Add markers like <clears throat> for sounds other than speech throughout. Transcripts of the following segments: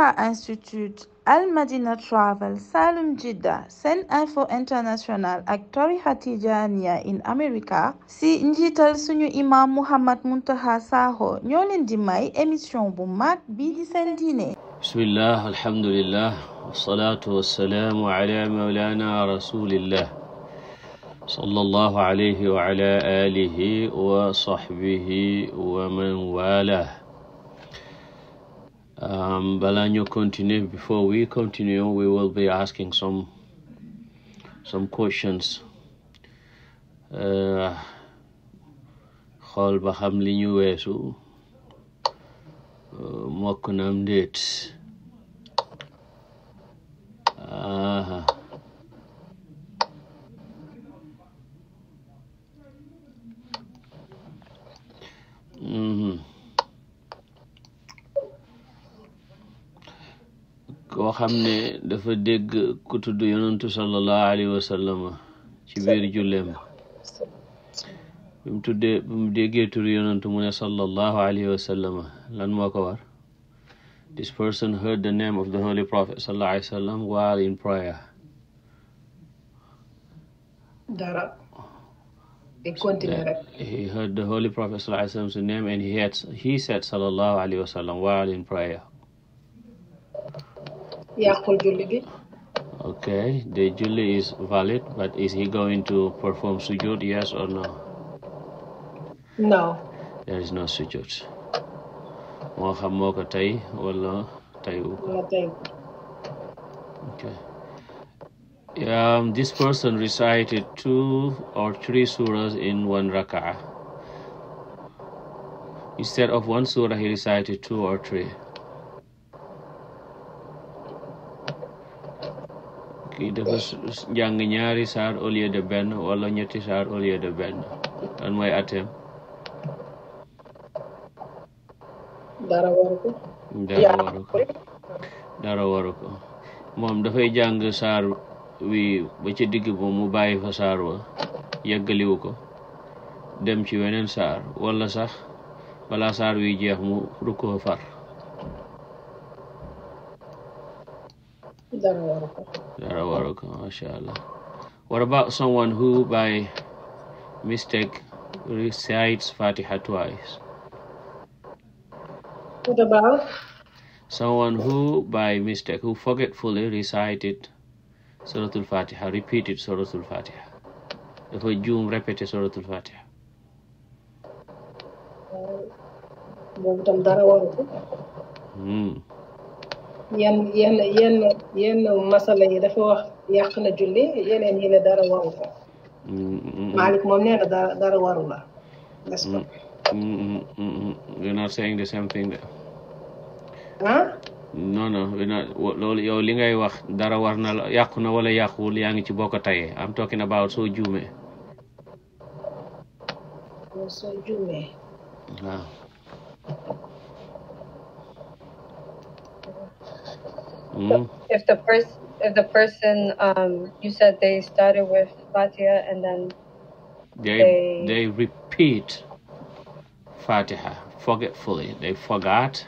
Alpha Institute Al Madina Travel Salum Jidda Sen Info International ak tarixa Tijaaniya in America si njiital suñu imam Muhammad Muntaha Sakho ñoo leen di may émission bu mag bii di seen diine bismillah alhamdulillah wasalaatu wasalaamu ala mawlana rasulillah sallallahu alayhi wa ala alihi wa sahbihi wa man walah um, bala ñu continue before we continue we will be asking some questions uh, xool ba xam li weesu uh, mokk naam ndéet uh-huh. mm-hmm. koo xam ne dafa dégg ku tudd yonantu sallallahu alayhi wa ci biir julleem bi mu tuddee bi mu mu ne sallallahu alayhi wa lan moo ko this person heard the name of the holy prophet sallallahu alayhi wa while in prayer he heard the holy prophet sallallahu alayhi wa sallallahu alayhi wa while in prayer yàqul julli gi is valid but is he going to perform sujud yes or no there is no sujud moo xam moo ko tey wala tayu um, this person recited two or three surahs in one rak'ah instead of one surah he recited two or three kii dafa jàng ñaari saar au lieu benn wala ñetti saar au lieu de benn lan mooy atem moom dafay jàng saar wi ba ci digg ba mu bàyyi fa saar wa yeggaliwu ko dem ci weneen saar wala sax balaa saar wi jeex mu rukkoo far dara waru ko dara waru ko masha Allah what about someone who by mistake recites Fatiha twice what about someone who by mistake who forgetfully recited Suratul Fatiha repeated Suratul Fatiha dafa juum répété Suratul Fatiha boobu tam dara waru ko yenn yenn yenn masala yi dafa wax yàq na julli yeneen yi ne dara waru ko saying the same thing ah non non we're not li ngay wax dara war na la yàqu na wala yàquwul yaa ngi ci boo ko tayee am talking about soo juumee soo juumee waaw Mm. So mm-hmm. if the person, if the person, um, you said they started with Fatiha and then they they, they repeat Fatiha forgetfully. They forgot,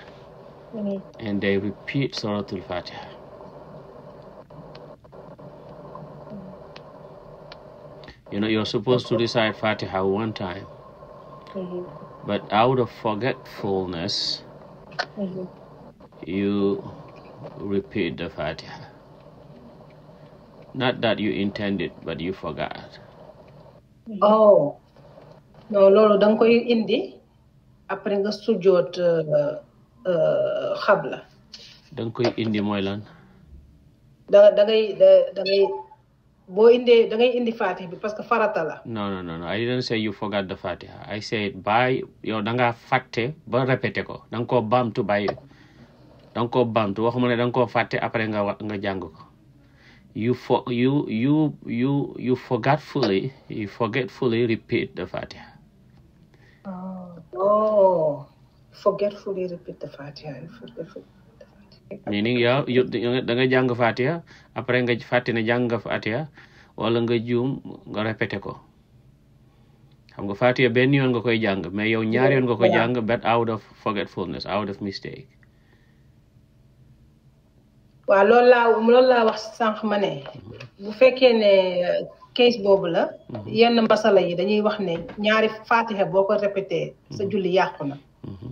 mm-hmm. and they repeat Surah Al Fatiha. You know, you're supposed to recite Fatiha one time, mm-hmm. but out of forgetfulness, mm-hmm. you repeat the Fatiha. Not that you intended, but you forgot. Oh, loolu danga koy indi après nga sujjoot euh, euh, xabla. danga koy indi mooy lan. da da ngay boo indee da ngay indi Fatiha bi parce que farata la. non non non I didn't say you forgot the Fatiha I said by yow da ngaa fàtte ba répété ko da nga koo baamtu by danga ko bamtu waxuma ne danga ko fàtte après nga nga jàng ko you for you you you you forgetfully you forgetfully repeat the da nga jàng Fatiha après nga fàtte ne jàng nga Fatiha wala nga juum nga répété ko xam nga Fatiha benn yoon nga koy jàng mais yow ñaari yoon nga koy jàng but out of forgetfulness out of mistake. waaw loolu laa loolu laa wax sànq ma ne bu fekkee ne uh, case boobu la mhm. yenn mbasala yi dañuy wax ne ñaari faatixa boo ko répété sa julli yàqu na mhm.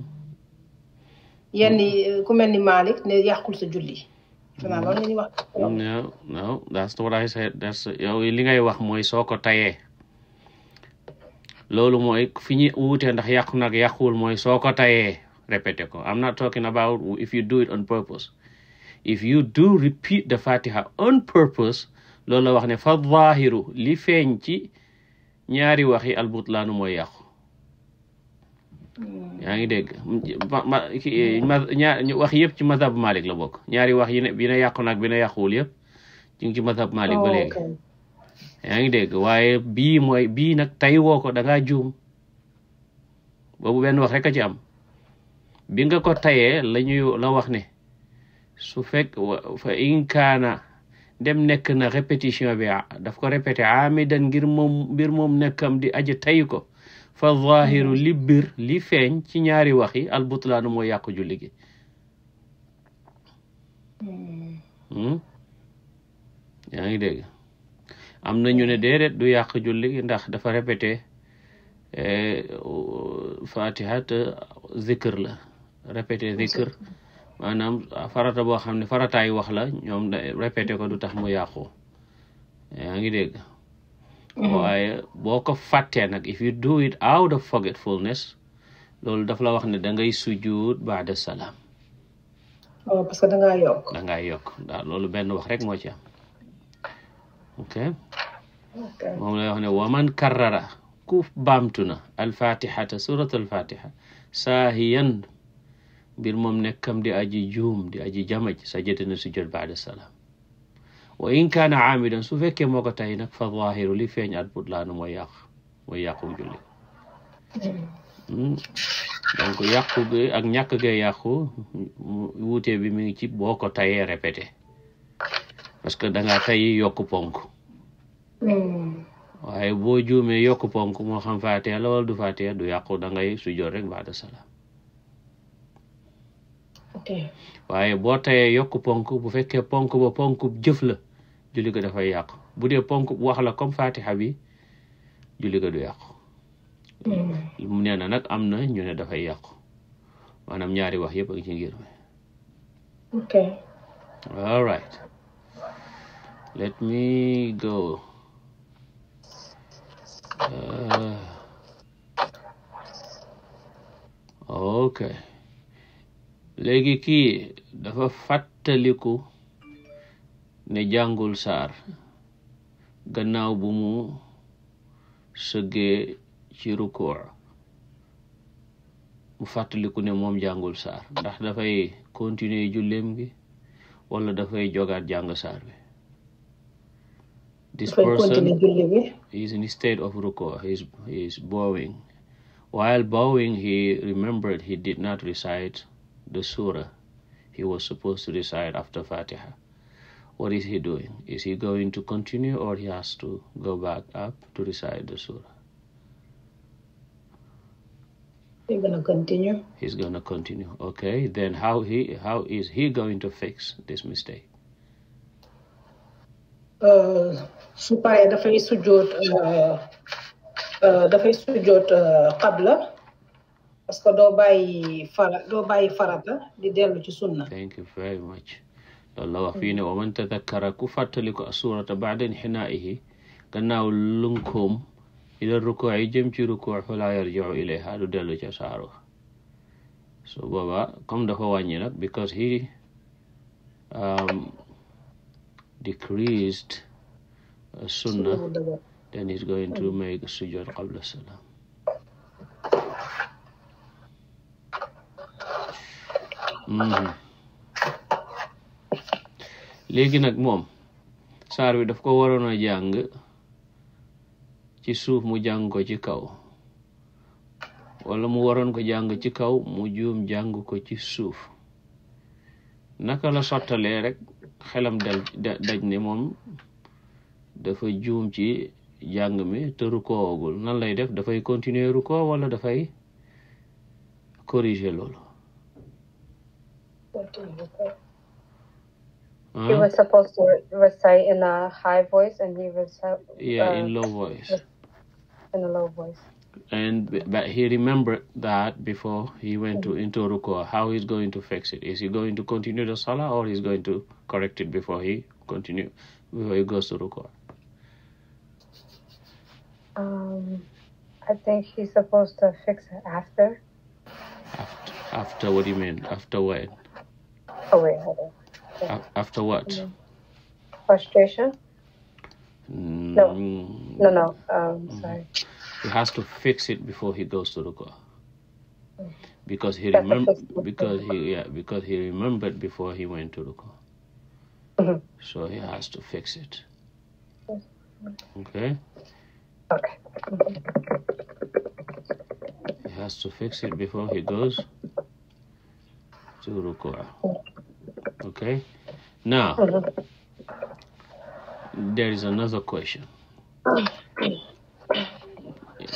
yenn uh, ku mel ni Malick ne yàqul sa julli xanaa loolu la li ngay wax mooy soo ko tayee loolu mooy fi ñu wuute ndax yàqu nag yàquwul mooy soo ko tayee répété ko am not talking about if you do it on purpose if you do repeat the fatiha on purpose loolu la wax ne fa zaahiru li feeñ ci ñaari waxi albutlaanu mooy yàqu hmm. yaa ngi dégg eh, ñaar wax yëpp ci mazhab Malik la bokk ñaari wax yi ne bi na yàqu nag bi na yàquwul yëpp ci ngi ci mazhab Malik ba oh, léegi yaa ngi dégg waaye bi mooy bii nag tey woo ko da ngaa juum boobu benn wax rek a ci am bi nga ko tayee la ñuy la wax ne su fekk fa in kaana dem nekk na répétition bi daf ko répété amidan ngir moom mbir moom nekkam di aji tay ko fa zahiru li bir feeñ ci ñaari wax yi albutlaanu moo yàqu julli hmm? yaa ngi dégg am na ñu ne déedéet du yàq julli ndax dafa répété eh, fatiha te zikr la répété zikr maanaam farata boo xam ne farataay wax la ñoom répété ko du tax mu yàqu yaa ngi dégg mm-hmm. boo ko fàttee nag if you do it out of forgetfulness loolu daf la wax ne dangay ngay baada salaam oh yokk da ngaa daal loolu benn wax rek moo ci am ok moom lay wax ne waman karrara ku baamtu na alfatihata surat alfatiha saahiyan mbir moom nekkam di aji juum di aji jamaj sajada na sujud baada salaam wa in kaana aamidan su fekkee moo ko tay nag fa zahiru li feeñ al butlaanu mooy yàq mooy yàqum julli hmm? donc yàqu wuute bi mi ngi ci boo ko tayee répété parce que danga ngaa yokk ponk hmm. waaye boo juumee yokk ponk moo xam faatee la wala du faatee du yàqu da ngay rek baada salaam waaye boo tayee yokk ponk bu fekkee ponk ba ponk jëf la julli ga dafay yàqu bu dee ponk bu wax la comme fatiha bi julli ga du yàqu mu hmm. nee na nag am na ñu ne dafay yàqu manam ñaari wax yëpp ak ci ngir mi ok all uh, okay léegi kii dafa fàttaliku ne jàngul saar gannaaw bu mu sëggee ci rukuur mu fàttaliku ne moom jàngul saar ndax dafay continue julleem gi wala dafay jogaat jàng saar bi this person is in state of rukuur he bowing while bowing he remembered he did not recite the surah he was supposed to recite after Fatiha. What is he doing? Is he going to continue or he has to go back up to recite the surah? He's gonna continue. He's continue. Okay, then how is he going to fix this mistake? Uh, su dafay sujjoot uh, uh, qabla parce que doo bàyyi fara doo bàyyi farata di dellu ci sunna thank you very much loolu la wax fii ne wa man tadakkara ku fàttali ko assurata baada inhinaa'ihi gannaaw lunkoom ila rukuu yi jëm ci rukuu falaa yarji'u ilayha du dellu ca saaro so booba comme dafa wàññi nag because he um, decreased uh, sunna then he's going to make sujud qabla salaam Mm-hmm. léegi nag moom saar bi daf ko waroon a jàng ci suuf mu jàng ko ci kaw wala mu waroon ko jàng ci kaw mu juum jàng ko ci suuf naka la sottalee rek xelam dal daj ne moom dafa juum ci jàng mi te rukoowagul nan lay def dafay continuer rukoo wala dafay corriger loolu Huh? He was supposed to recite in a high voice, and he was uh, yeah in uh, low voice. In a low voice. And but he remembered that before he went to into ruku, how he's going to fix it. Is he going to continue the salah, or he's going to correct it before he continue before he goes to ruku? Um, I think he's supposed to fix it after. After, after what do you mean? After what? Oh, wait, hold After what? Mm. Mm. Um, mm. He has to fix it before he goes to Ruko. Because he remembered before he went to Ruko. Mm-hmm. So he has to fix it. Mm-hmm. Okay. He has to fix it before he goes to Ruku'ah. Okay. Now, there is another question.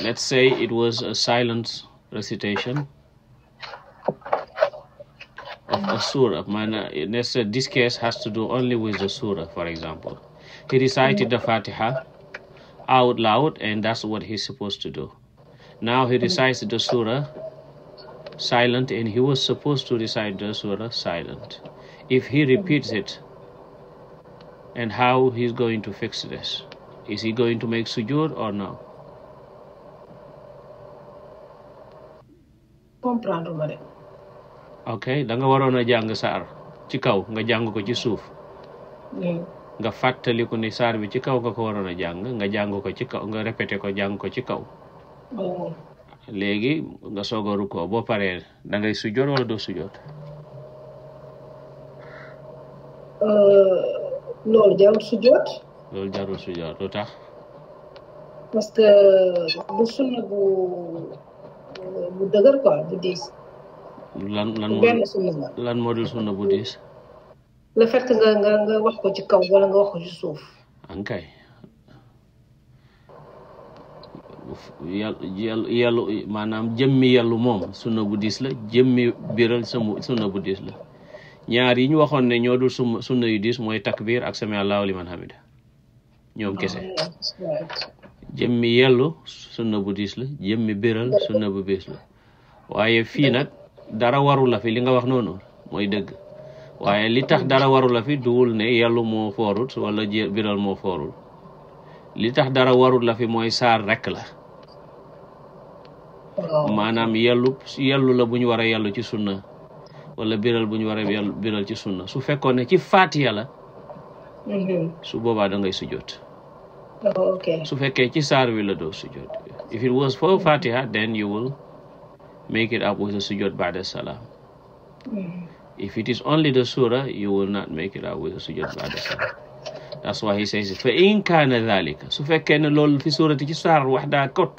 Let's say it was a silent recitation of a surah. Let's say this case has to do only with the surah, for example. He recited the Fatiha out loud, and that's what he's supposed to do. Now he recites the surah silent, and he was supposed to recite the surah silent. if he repeats it and how he's going to fix this. Is he going to make sujood or no? comprendre ok da nga waroon a jàng saar ci kaw nga jàng ko ci suuf. nga fàttaliku ne saar bi ci kaw nga ko waroon a jàng nga jàng ko ci kaw nga répété ko jàng ko ci kaw. léegi nga soog a boo paree dangay ngay sujood wala doo sujood. loolu jarul sujjoot loolu jarul sujjoot lu tax parce que bu sunna bu bu dëgër quoi bu diis lan lan sunna moo dul sunna bu diis le fait que nga nga wax ko ci kaw wala nga wax ko ci suuf ankay yàlla yàlla maanaam jëmmi yàlla moom sunna bu diis la jëmmi biral sama sunna bu diis la ñaar yi ñu waxoon ne ñoo dul sum sunna yu diis mooy takbir ak sami allahu liman hamida ñoom kese ah, jëmmi yellu sunna bu diis la jëmmi béral sunna bu bees la waaye fii nag dara warul la fi li nga wax noonu mooy dëgg waaye li tax dara waru la fi duwul ne yellu moo foorut wala biral moo foorul li tax dara warul la fi mooy saar rekk la oh. maanaam yellu yellu la bu ñu war a yellu ci sunna wala biral bu ñu war a biral ci sunna su fekkoon ne ci faatiya la mhm. su boobaa da ngay sujjoot oh, su fekkee ci saar wi la doo sujjoot if it was for fatiha then you will mhm. not make it up with a sujjoot ba'da salaam that's why he says fa in kaana dhalika su fekkee ne loolu fi suurati ci saar wax daa kot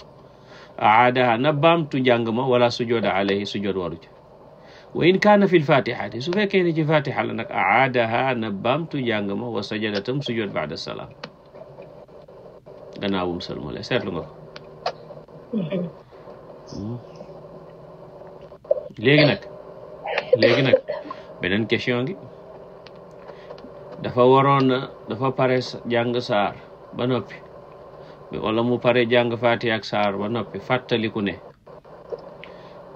aadaha na baamtu njàng ma wala sujjooda alayhi sujjoot waru ca wa in kaana fi lfatihati su fekkee ne ci fatiha la nag aadaha na baamtu njàng ma wa sajadatam sujud baada salaam gannaaw bu mu salmale seetlu nga ko hmm. léegi nag léegi nag beneen question gi dafa waroon na dafa pare jàng saar ba noppi wala mu pare jàng fatiha ak saar ba noppi fàttaliku ne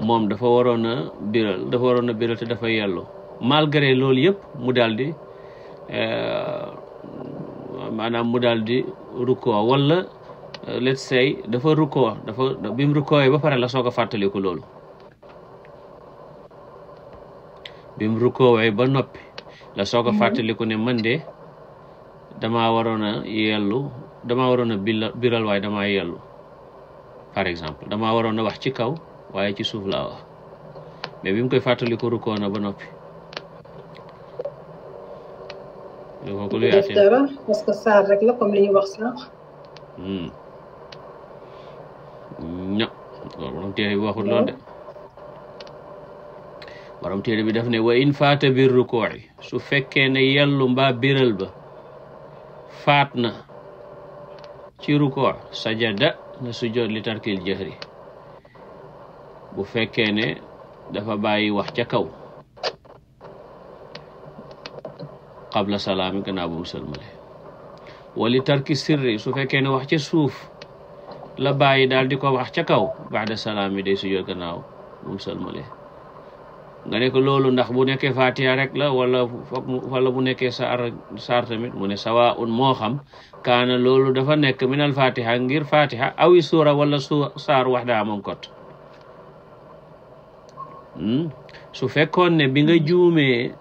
moom dafa waroon a biral dafa waroon a biral te dafa yellu malgré loolu yëpp mu daal di euh, maanaam mu daal di rukkoo wala euh, let's say dafa rukkoo dafa bi mu rukkooyee ba pare la soog a fàttaliku loolu bi mu rukkoowee ba noppi la soog a mhm. fàttaliku ne mën de dama waroon a yellu damaa waroon a biral waay damaa yellu par exemple dama waroon a wax ci kaw waaye ci suuf laa wax mais bi mu koy fàttali ko ba noppi. dafa ko hmm. bi waxul lool de. Hmm. borom téere bi daf ne wa in faata bir rukkooci su fekkee ne yellu mbaa biral ba faat na ci rukkoo sajada na sujjoot li tarkil bu fekkee ne dafa bàyyi wax ca kaw qabla salaami gannaaw bu mu sëlmale wali sirri su fekkee ne wax ca suuf la bàyyi daal di ko wax ca kaw ba'da salaami day sujjóot gannaaw bu mu sëlmale nga ne loolu ndax bu nekkee fatiha rek la wala bu nekkee saar saar tamit mu ne sawa un moo xam kaana loolu dafa nekk minal fatiha ngir fatiha awi suura wala su saar wax daa kot Hmm? su fekkoon ne bi nga juumee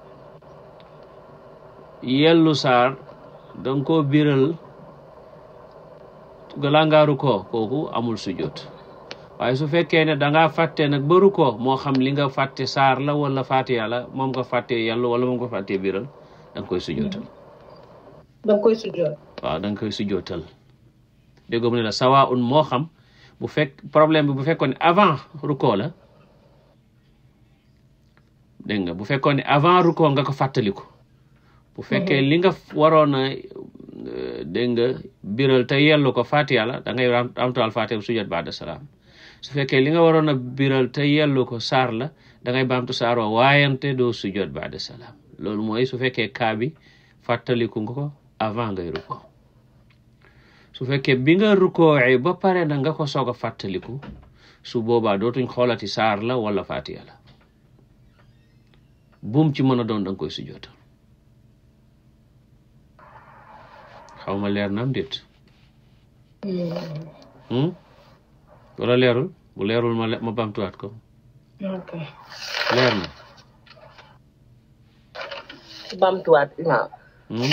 yellu saar danga ko biral galangaaru ko kooku amul sujjóot waaye su fekkee ne danga fàtte nag baru ko moo xam li nga fàtte saar la wala fàtte yàlla moom nga fàtte yàlla wala moom nga fàtte biral danga koy sujjóotal danga koy sujjóot waaw danga la sawa un moo xam bu fekk problème bi bu fekkoon ne avant ruko la dégg nga bu fekkoon ne avant rukkoo nga ko fàttaliku bu fekkee li nga waroon a euh, dégg nga biral te yellu ko fatiha la da ngay ramtuwal fatiha bu sujjat ba'da salaam su fekkee li nga waroon a biral te yellu ko saar la da ngay baamtu saar wa waayante doo sujjat ba'da salaam loolu mooy su fekkee kaa bi fàttaliku nga ko avant ngay rukkoo su fekkee bi nga rukkooee ba pare na nga ko soog a fàttaliku su boobaa dootuñ xoolati saar la wala fatiha la buum ci mën a doon da nga koy sujjootal xaw ma leer na am déet hmm. Hmm? leerul bu leerul ma ma bamtuwaat ko leer na bamtuwaat imaam hmm?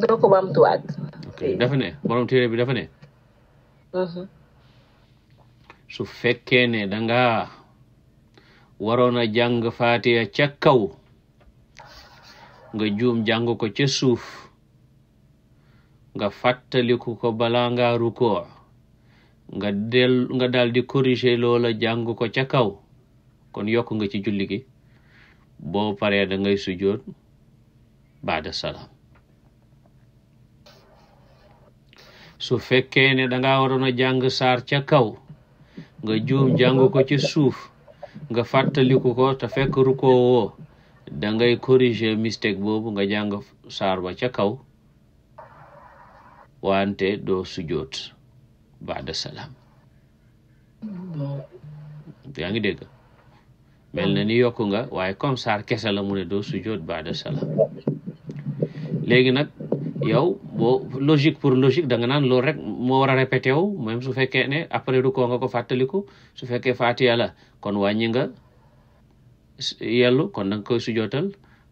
doo ko bamtuwaat ok dafa ne borom téere bi dafa ne su fekkee ne danga waroon a jàng faatiha ca kaw nga juum jàng ko ca suuf nga fàttaliku ko balaa ngaa rukkoo nga daldi nga daal loola jàng ko ca kaw kon yokk nga ci julli gi boo paree da ngay sujjoot baada salaam su fekkee ne danga waroon a jàng saar ca kaw nga juum jàng ko ci suuf nga fàttaliku ko te fekk rukoo woo da ngay boobu nga jàng saar ba ca kaw wante doo sujoot baada salaam yaa ngi dégg mel na ni yokku nga waaye comme saar kese la ne doo sujoot baada salaam léegi nag yow boo logique pour logique da nga naan rek moo war a répété wu même su fekkee ne après du koo nga ko fàttaliku su fekkee faatiya la kon wàññi nga yellu kon da nga koy sujootal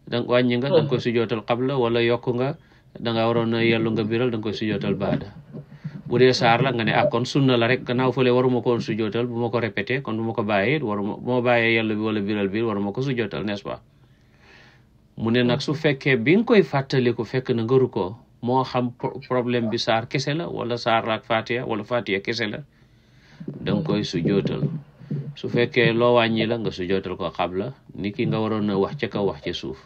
da nga wàññi nga da nga koy sujootal wala yokk nga da nga waroon a yellu nga biral da nga koy sujootal baada bu dee saar la nga ne ah kon sunna la rek gannaaw fële waruma ko woon sujootal bu ma ko répété kon bu ma ko bàyyee waruma bu bàyyee yellu wala biral bi waruma ko sujootal n'est-ce pas mu ne nag su fekkee bi nga koy fàttaliku fekk na nga rukkoo moo xam problème bi saar kese la wala saar ak fatiha wala fatiha kese la da nga koy sujootal su fekkee loo wàññi la nga sujootal ko xabla ni ki nga waroon a wax ca kaw wax ca suuf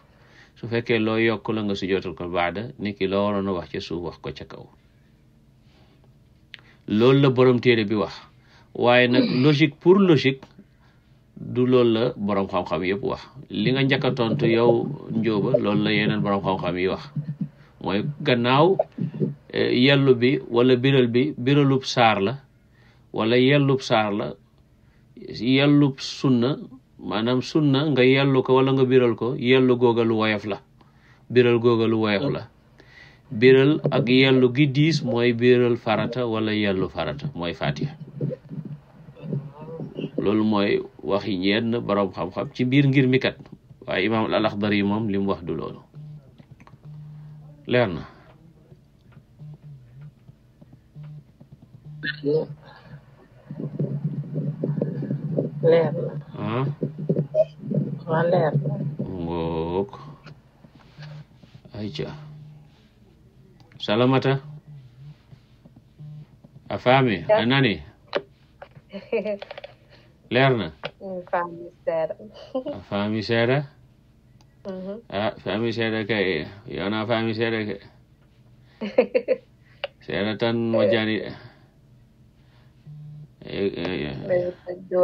su fekkee loo yokk la nga sujootal ko baada ni loo waroon a wax ca suuf wax ko ca kaw loolu la borom téere bi wax waaye nag logique pour logique du lool la boroom xam-xam yépp wax li nga njëkk a tontu yow njóoba la yeneen boroom xam-xam yi wax mooy gannaaw eh, yellu bi wala biral bi biralub saar la wala yellub saar la yellub sunna maanaam sunna nga yellu ko wala nga biral ko yellu googa woyof la biral googa lu woyof la biral ak yellu gi mooy biral farata wala yellu farata mooy fatiha loolu mooy waxi ñenn boroom xam-xam ci biir ngir mi kat waaye imaam al-Axdari moom li wax du loolu leer na leer na ah waa leer na ngoog ayca salamata a faami anani <laughs> leer na. famille seede. famille kay yow naa famille seede kay. seede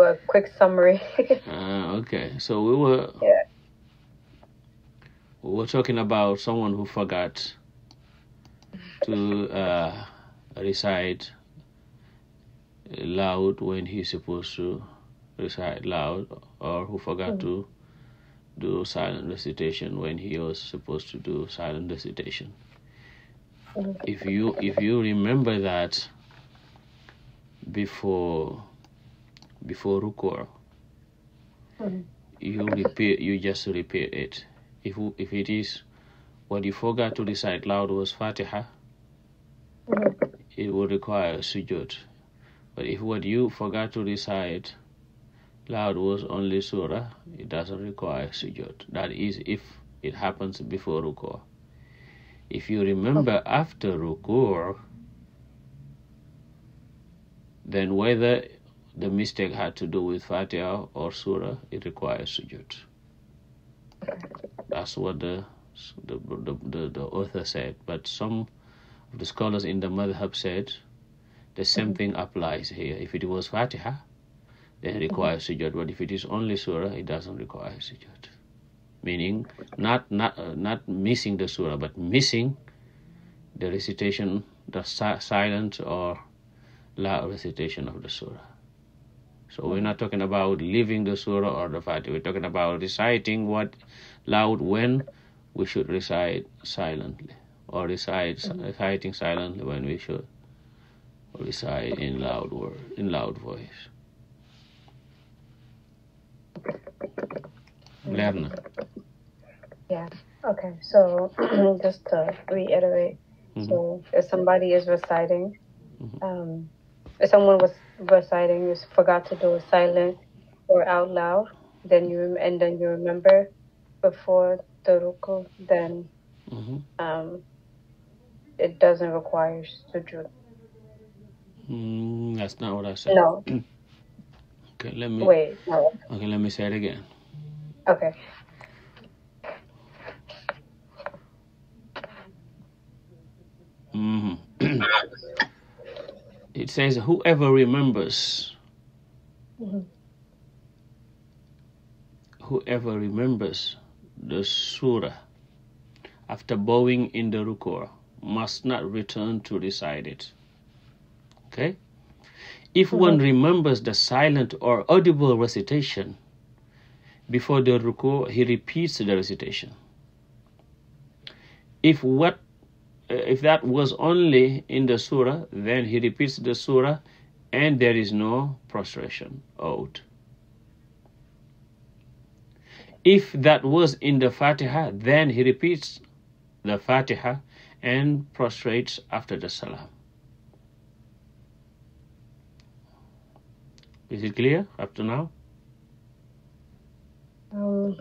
a quick summary. ah, okay. So we were yeah. talking about someone who forgot to uh, recite loud when he's supposed to. recite loud or who forgot to do silent recitation when he was supposed to do silent recitation. If you if you remember that before before ruku' you repeat you just repeat it. If if it is what you forgot to recite loud was Fatiha, it would require sujud. But if what you forgot to recite cloud was only surah it doesn't require sujood that is if it happens before ruku if you remember after ruku then whether the mistake had to do with Fatiha or surah it requires sujood that's what the the the the, the author said but some of the scholars in the madhab said the same mm-hmm. thing applies here if it was Fatiha then mm-hmm. require sujood but if it is only surah it doesn't require sujood meaning not not uh, not missing the surah but missing the recitation the si silence or la recitation of the surah so we're not talking about leaving the surah or the Fatiha we're talking about reciting what loud when we should recite silently or recite mm-hmm. reciting silently when we should recite in loud word in loud voice leer na yeah okay so <clears throat> just to reiterate mm -hmm. so if somebody is reciting mm-hmm. um, if someone was reciting you forgot to do it silent or out loud then you and then you remember before the ruku then mm -hmm. um, it doesn't require sujood mm, that's not what I said no <clears throat> okay let me wait no. okay let me say it again Okay. Mm -hmm. <clears throat> it says, whoever remembers, mm -hmm. whoever remembers the surah after bowing in the rukur must not return to recite it. Okay? If mm -hmm. one remembers the silent or audible recitation, Before the ruku, he repeats the recitation. Uh, if that was only in the surah, then he repeats the surah and there is no prostration If that was in the Fatiha, then he repeats the Fatiha and prostrates after the salam. Is it clear up now? Oh.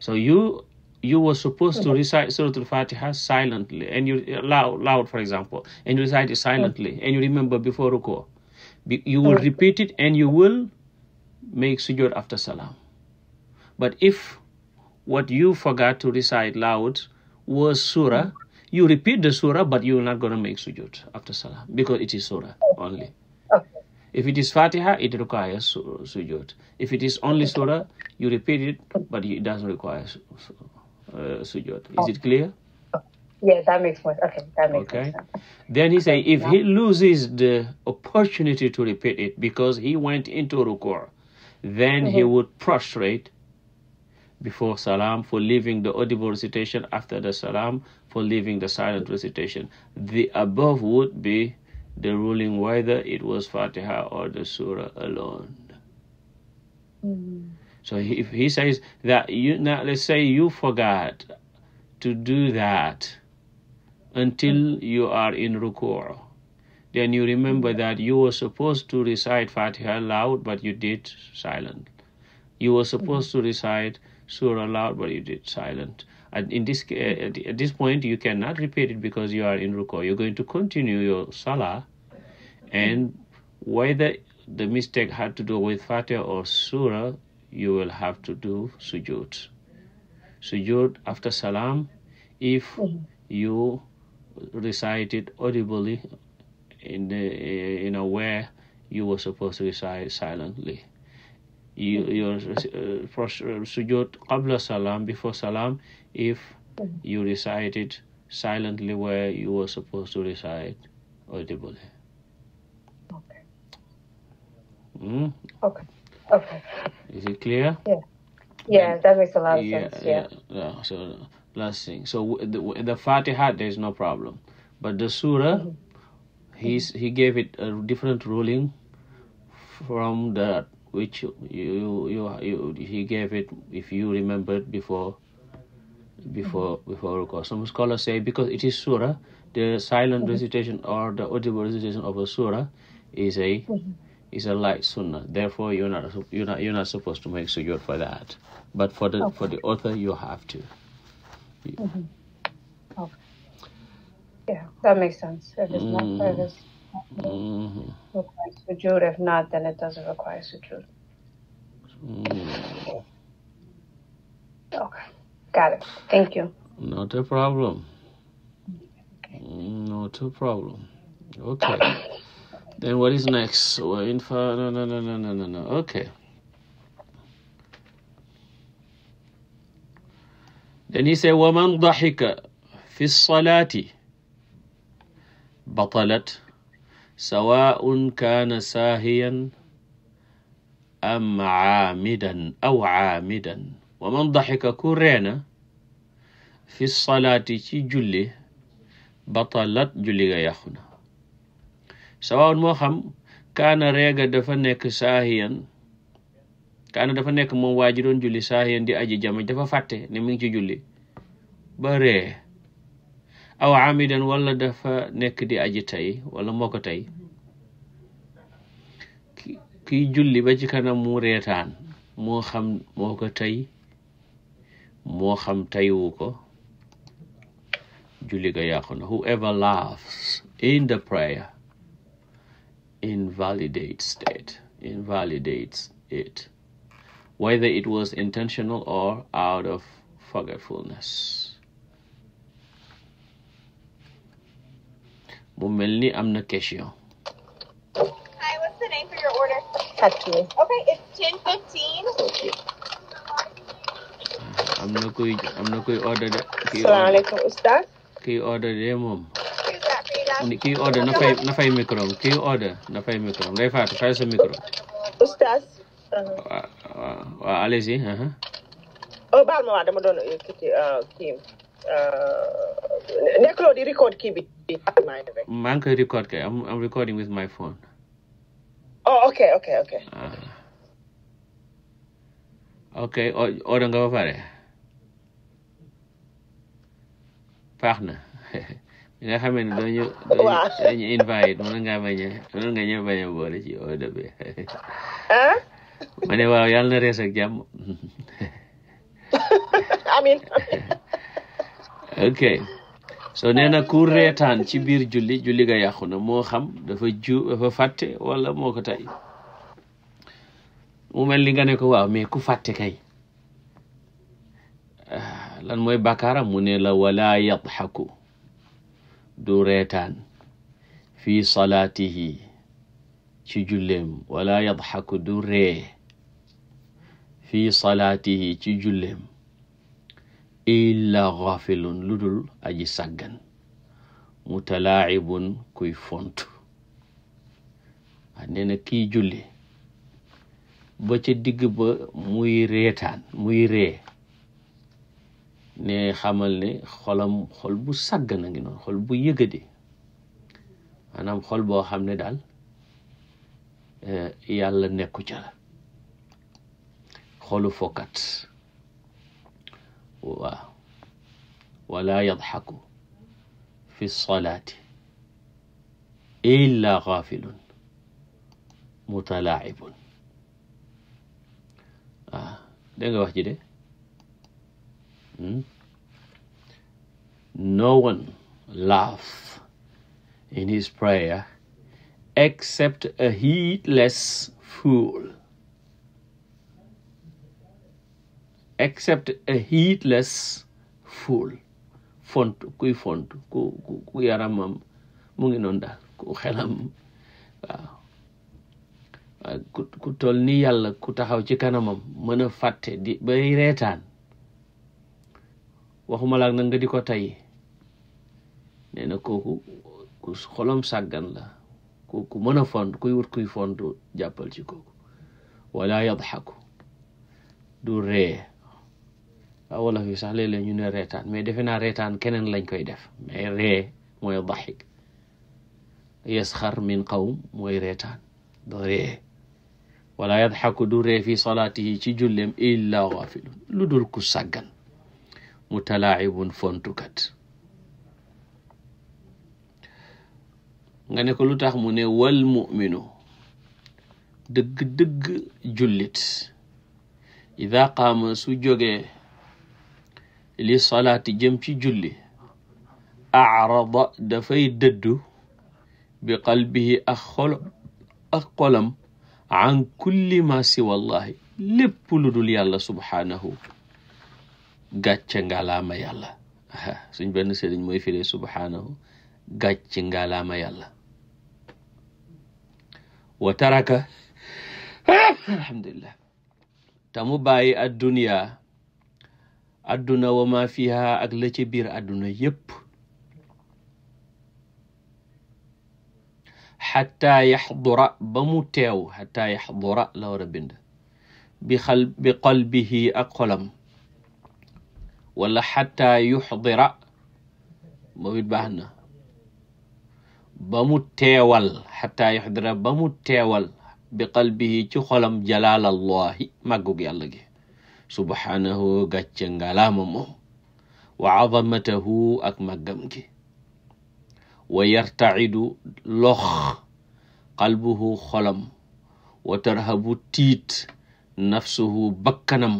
So you you were supposed to recite Surah Al-Fatiha silently and you loud, loud for example and you recite it silently and you remember before ruku you will repeat it and you will make sujood after salam but if what you forgot to recite loud was surah you repeat the surah but you are not going to make sujood after salam because it is surah only okay. If it is Fatiha, it requires su sujood. If it is only surah, you repeat it, but it doesn't require su uh, sujood. Is oh. it clear? Yes, that makes sense. Okay, that makes okay. sense. Then he say if he loses the opportunity to repeat it because he went into ruku', then mm -hmm. he mm-hmm. would prostrate before salam for leaving the audible recitation, after the salam for leaving the silent recitation. The above would be the ruling whether it was Fatiha or the surah alone. Mm. So if he says that you now let's say you forgot to do that until mm. you are in ruku' then you remember mm. that you were supposed to recite Fatiha loud but you did silent. You were supposed mm. to recite surah loud but you did silent. at in this uh, at this point you cannot repeat it because you are in ruko you're going to continue your salah and whether the mistake had to do with Fatiha or surah you will have to do sujud sujud after salam if you recite it audibly in the you know where you were supposed to recite silently you your uh, sujud qabla salam before salam if you recite it silently where you were supposed to recite audibly. Okay. Mm? Okay. Okay. Is it clear? Yeah. Yeah, and, that makes a lot of yeah, sense. Yeah. yeah. No, so last thing. So the, the Fatiha, there is no problem, but the surah, mm-hmm. he's he gave it a different ruling from that which you you you he gave it if you remembered before before before ruku. Some scholars say because it is surah, the silent recitation or the audible recitation of a surah is a is a light sunnah. Therefore, you're not you're not you're not supposed to make sujood for that. But for the okay. for the author, you have to. Mm-hmm. Okay. Yeah, that makes sense. If it's not mm-hmm. if it's mm-hmm. requires sujood. If not, then it doesn't require sujood. Mm. Okay. Got it. Thank you. Not a problem. Not a problem. Okay. Then what is next? We're in for no no no no no no no. Okay. Then he said, ومن ضحك في الصلاة بطلت سواء كان ساهيا أم عامدا أو عامدا. wa man daxika ku reena fi salaati ci julli batalat julli ga yàqu na moo xam kaana reega dafa nekk saahiyan kaana dafa nekk moom waa julli saahiyan di aji jama dafa fàtte ne mi ci julli ba ree aw amidan wala dafa nekk di aji tey wala moo ko tey kiy julli ba ci kanam mu reetaan moo xam moo ko tey moo xam taywu ko julli ga yàqu na whoever laughs in the prayer invalidates it whether it was intentional or out of forgetfulness mu mel ni am na question am na kuy order de. asalaamaaleykum order de moom. kiy order na fay na fay order na fay micro am fay sa micro. oustaz. waaw waaw waaw allez y. Uh-huh. oh baal ma doon eh, kii kii ah, ah, nekkuloo di record kii bi. maa ngi record kay am am recording with my phone. oh ok ok ok. Ah. ok order nga ba pare. baax na mi nga xamee ne ah, dooñu ah, dooñu invite mën nga bañ boole ci ordre bi ah? <laughs> ma ne waaw yàlla na rees ak jàmm <laughs> <laughs> ok so nee na ku reetaan ci biir julli julli ga yàqu moo xam dafa ju dafa fàtte wala moo ko tey mu mel ni ko waaw mais ku fàtte kay lan mooy bàkkaaram mu ne la wala yadxaku du reetaan fii salaatihi ci julleem wala yadxaku du ree fi salaatihi ci julleem illa gafilun lu dul aji sàggan mutalaacibun kuy font waa nee na kii julli ba ca digg ba muy reetaan muy ree ne xamal ne xolam xol bu sàggan a ngi xol bu yëgade maanaam xol boo xam ne daal eh, yàlla nekku ca la xolu fokkat waaw wala yadxaku fi salaati illa xaafilun mutalaacibun waaw dégg nga wax ji de Hmm? No one laughed in his prayer except a heedless fool. except a heedless fool font ku yaramam mu ngi noonu daal ku xelam ku ku ni yàlla ku taxaw ci kanamam mën a fàtte di bay reetaan waxuma laag nag di ko tayyi nee na kooku ku xolam sàggan la kooku mën a fond kuy wut kuy fond jàppal ci kooku wala yadxaku du ree waaw fi sax léeg ñu ne reetaan mais defe naa reetaan keneen lañ koy def mais ree mooy daxik yasxar min qawm mooy reetaan du ree wala yadxaku du ree fi salaatihi ci julleem illa gafilun lu dul ku sàggan mu talaacibun fontukat nga ne ko lu tax mu ne wal muminu dëgg-dëgg jullit ida qaama su jógee li salaati jëm ci julli arada dafay dëddu bi qalbihi ak xol ak xolam an kulli ma siwallahi lépp lu dul yàlla subhaanahu gàcce ngalaama yàlla suñ benn sëriñ mooy firee subhaanahu gàcce ngalaama yàlla wa taraka alhamdulillah te mu bàyyi addunia adduna wa ma fiha ak la adduna yépp xata yaxdura ba mu teew xata la war a bi qalbihi ak xolam wala xataa yuxdira moom it baax na ba mu teewal xataa yuxdira ba mu teewal bi qalbihi ci xolam jalaalallahi màggug yàlla gi subhaanahu gàcce ngalaama moom wa azamatahu ak màggam gi wa yartacidu lox qalbuhu xolam wa tarhabu tiit nafsuhu bakkanam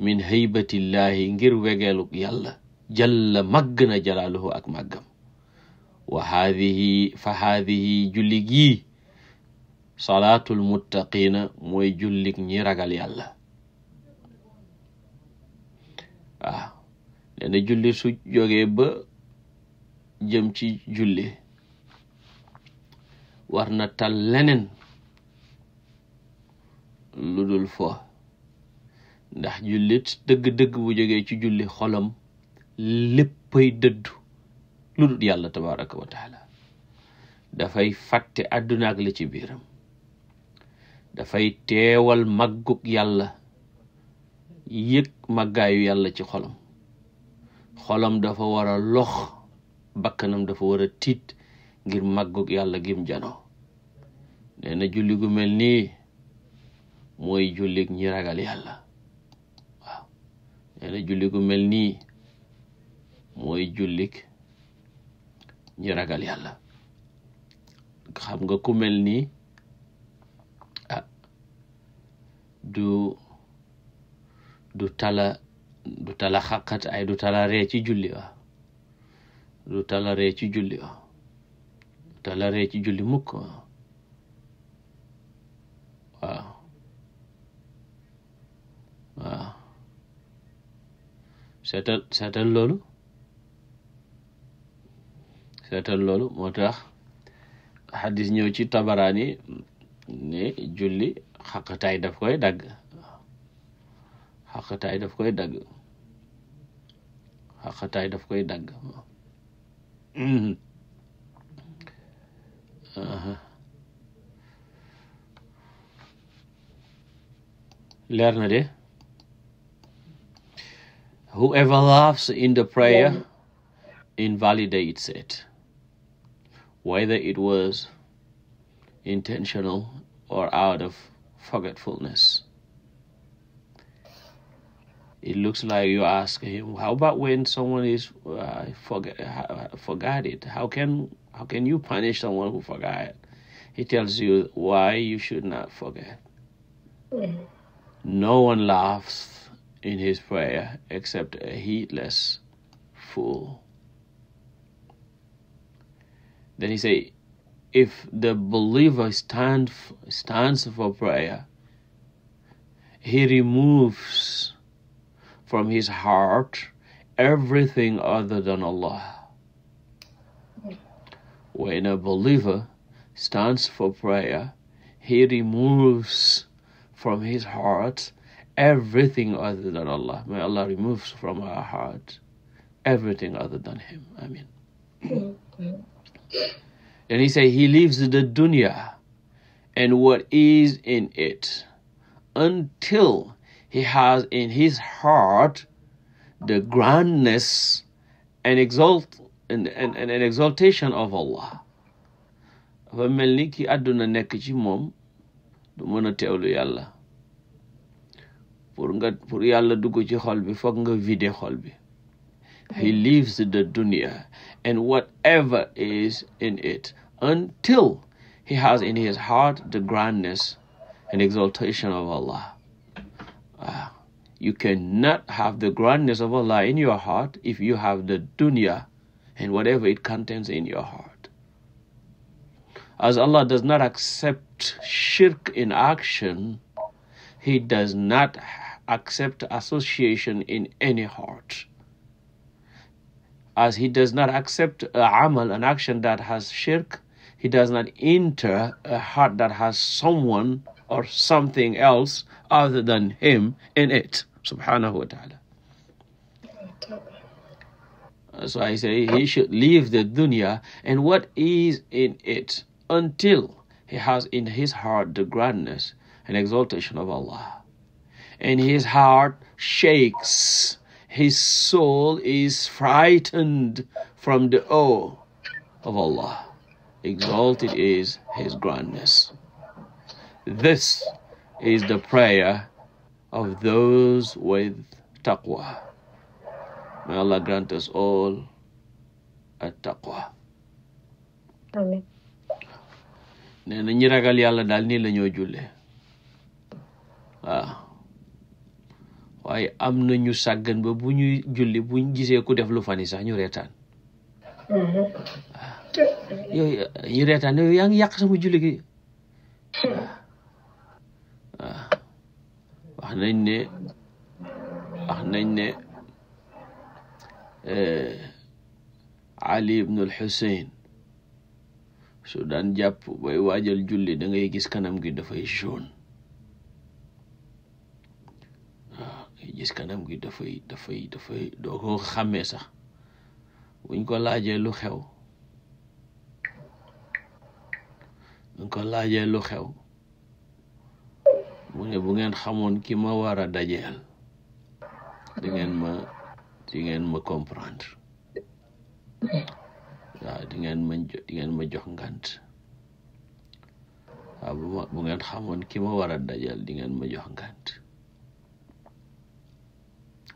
min haybatillahi ngir wegeelu yàlla jalla màgg na ak màggam wa haadihi fa haadihi jullig yii salaatul muttaqiina mooy jullig ñi ragal yàlla waaw nee julli su jógee ba jëm ci julli war tal leneen lu dul ndax jullit dëgg-dëgg bu jógee ci julli xolam léppay dëddu lu dul yàlla tabaraka wa dafay fàtte àdduna la ci biiram dafay teewal màggug yàlla yëg màggaayu yàlla ci xolom xolam dafa war a lox bakkanam dafa war a tiit ngir màggug yàlla gim janoo nee na julli gu mel nii mooy jullig ñi ragal yàlla nee na julli gu mel nii mooy jullik ñi ragal yàlla xam nga ku mel nii ah du du tala du tala xaqat ay du tala ree ci julli waaw du tala ree ci julli waaw du tala ree julli mukk waaw waaw seetal seetal loolu seetal loolu moo tax xadis ñëw ci tabaraani ne julli xaqataay daf koy dagg xaqataay daf koy dagg xaqataay daf koy dagg mhm. leer na de Whoever laughs in the prayer invalidates it, whether it was intentional or out of forgetfulness. It looks like you ask him, how about when someone is uh, forget, uh, forgot it? How can how can you punish someone who forgot? He tells you why you should not forget. Mm-hmm. No one laughs in his prayer except a heedless fool. Then he say, if the believer stands for prayer, he removes from his heart everything other than Allah. When a believer stands for prayer, he removes from his heart everything other than Allah. May Allah remove from our heart everything other than Him. I And he said, He leaves the dunya what is in it until he has in his heart the grandness and exaltation of Allah. Fa mel ni ki àdduna nekk ci du mën a teewlu pour nga pour yàlla dugg ci xol bi foog nga vider xol bi he leaves the dunya and whatever is in it until he has in his heart the grandness and exaltation of Allah uh, you cannot have the grandness of Allah in your heart if you have the dunya and whatever it contains in your heart as Allah does not accept shirk in action he does not accept association in any heart as he does not accept a amal an action that has shirk he does not enter a heart that has someone or something else other than him in it subhanahu wa ta'ala so I say he should leave the dunya and what is in it until he has in his heart the grandness and exaltation of Allah and his heart shakes. His soul is frightened from the awe of Allah. Exalted is his grandness. This is the prayer of those with taqwa. May Allah grant us all at taqwa. Amen. nee na ñi ragal yàlla daal nii la ñoo jullee waaw. waaye am na ñu sàggan ba bu ñuy julli buñ gisee ku def lu fani sax ñu reetaan waaw mm-hmm. yooyu ñu reetaan yooyu yaa ngi yàq sama julli gi waaw wax nañ ne wax nañ ne eh, Ali ibn hussein su daan jàpp bay waajal julli da ngay gis kanam gi dafay jaune gis kanam gi dafay dafay dafay doo ko xàmmee sax buñ ko laajee lu xew buñ ko laajee lu xew mu bu ngeen xamoon ki ma war a dajeel di ma di ngeen ma comprendre waaw di ma di ma jox ngant waaw bu ngeen xamoon ki ma war a dajeel di ngeen ma jox ngant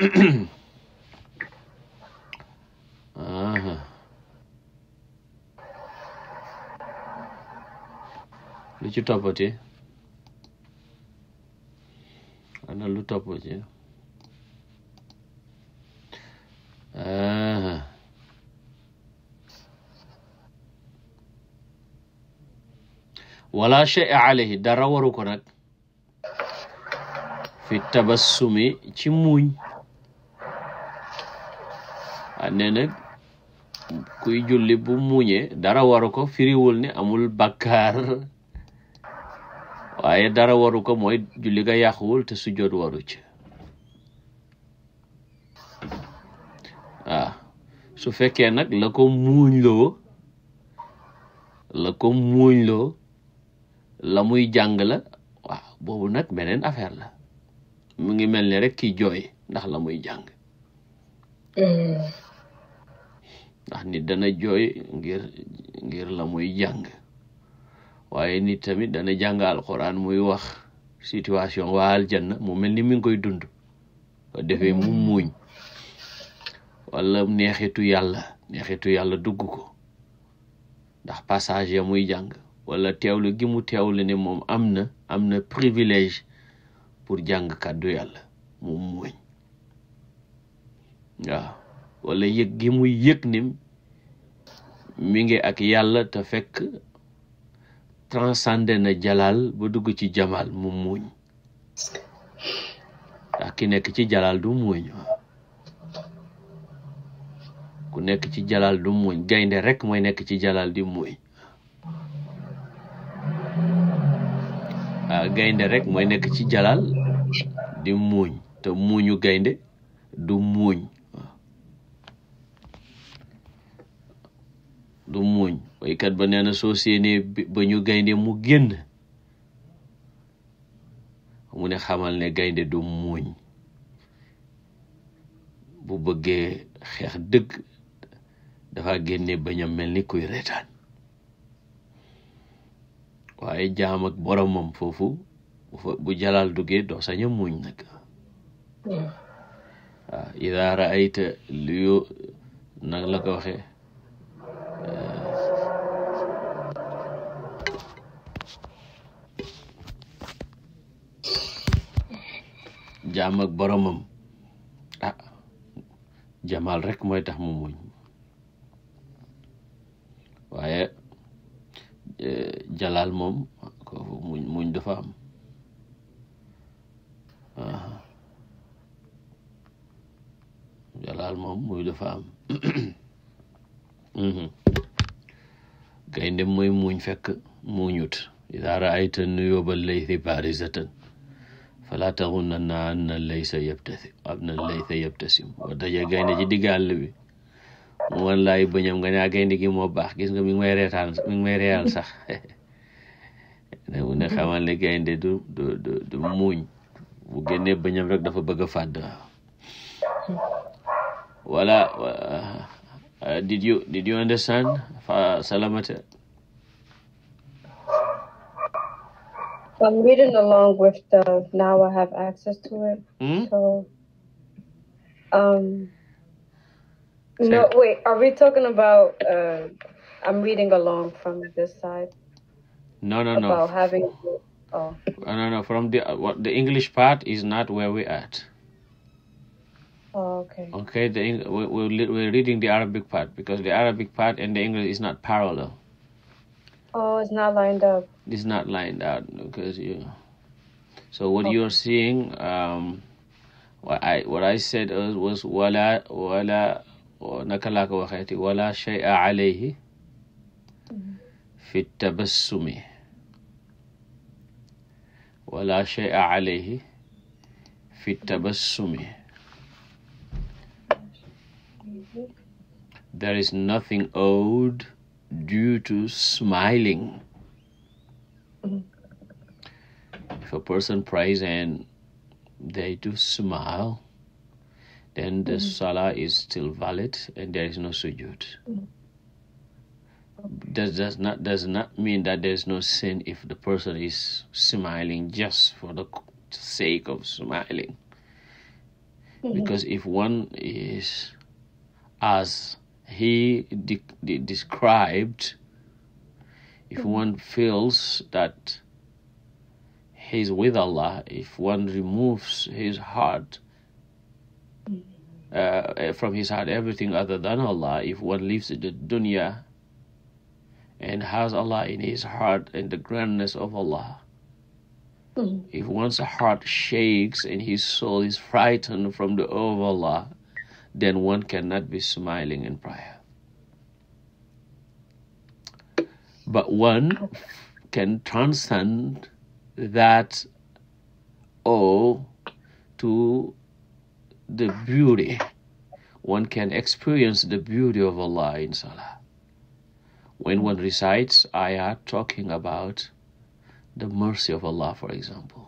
lu ci toppati na lu toppati aha wala shay alayhi dara waru ko nag fi tabassumi ci muuñ nee kuy julli bu muñee dara waru ko firiwul ne amul bakkaar waaye dara waru ko mooy julli ga yàquwul te sujjóot waru ci su fekkee nag la ko muuñloo la ko muuñloo la muy jàng la waaw boobu nag beneen affair la mu ngi mel ni rek ki jooy ndax la muy jàng. Eh. ndax nit dana jooy ngir la muy jàng waaye nit tamit dana jàng alquran muy wax situation waa aljanna mu mel ni mi ngi koy dund ko defee mu muuñ wala neexitu yàlla neexitu yàlla dugg ko ndax passage muy jàng wala teewlu gi teewlu ne moom am na am pour jàng kàddu yàlla mu muuñ waaw wala yëg gi muy yëg ni mi ngi ak yàlla te fekk transcendé na jalaal ba dugg ci jamaal mu muuñ ndax ki nekk ci jalaal du muuñ ku nekk ci jalaal gaynde rek mooy nekk ci jalal di muuñ waaw ah, gaynde rek mooy nekk ci jalal di muuñ te muuñu gaynde du muuñ du muuñ waykat ba nee na soo séenee ba gaynde mu génn mu ne xamal ne gaynde du muuñ bu bëggee xeex dëgg dafa génne bañ a mel ni kuy reetaan waaye jaam boromam foofu bu jalaal duggee doo sañ a muuñ nag hmm. waaw idaa raayta liyu nag la ko waxee jaam ak boromam ah jamaal rek mooy tax mu muñ waaye eh, jalal moom koofu muñ muñ dafa am ah. jalaal moom muñ dafa am <coughs> mhm. gaynde mooy muuñ fekk muuñut idaa raayta nuyooba laythi baarizatan falaa taxunanna anna laysa yabtasi anna laysa yabtasim boo dajee gaynde ci digg àll bi mu wan laay bëñam nga ne ah, gaynde gi moo baax gis nga mi ngi may reetaan mi sax <laughs> ne mu ne ne gaynde du du du du muuñ bu dafa bëgg a fàdd wala Uh, did you did you understand uh, Salamata? I'm reading along with the now I have access to it. Hmm? So, um, Say no, it. wait, are we talking about? Uh, I'm reading along from this side. No, no, about no. About having. Oh. No, no, no. From the uh, what the English part is not where we're at. okay. Okay, the we're we're reading the Arabic part because the Arabic part and the English is not parallel. Oh, it's not lined up. It's not lined up because you. So what okay. Oh. you're seeing, um, what I what I said was, was wala wala naka laa ko waxeeti wala shay'a alayhi fi tabassumi wala shay'a alayhi fi tabassumi there is nothing owed due to smiling. If a person prays and they do smile, then the mm-hmm. salah is still valid and there is no sujud. That mm-hmm. does not does not mean that there is no sin if the person is smiling just for the sake of smiling. Mm-hmm. Because if one is as he de- de- described if hmm. one feels that he is with Allah, if one removes his heart hmm. uh, eh, from his heart everything other than Allah, if one leaves the dunya and has Allah in his heart and the grandness of Allah. Hmm. If one's heart shakes and his soul is frightened from the awe of Allah, then one cannot be smiling in prayer. But one can transcend that awe to the beauty. One can experience the beauty of Allah in Salah. When one recites ayat talking about the mercy of Allah, for example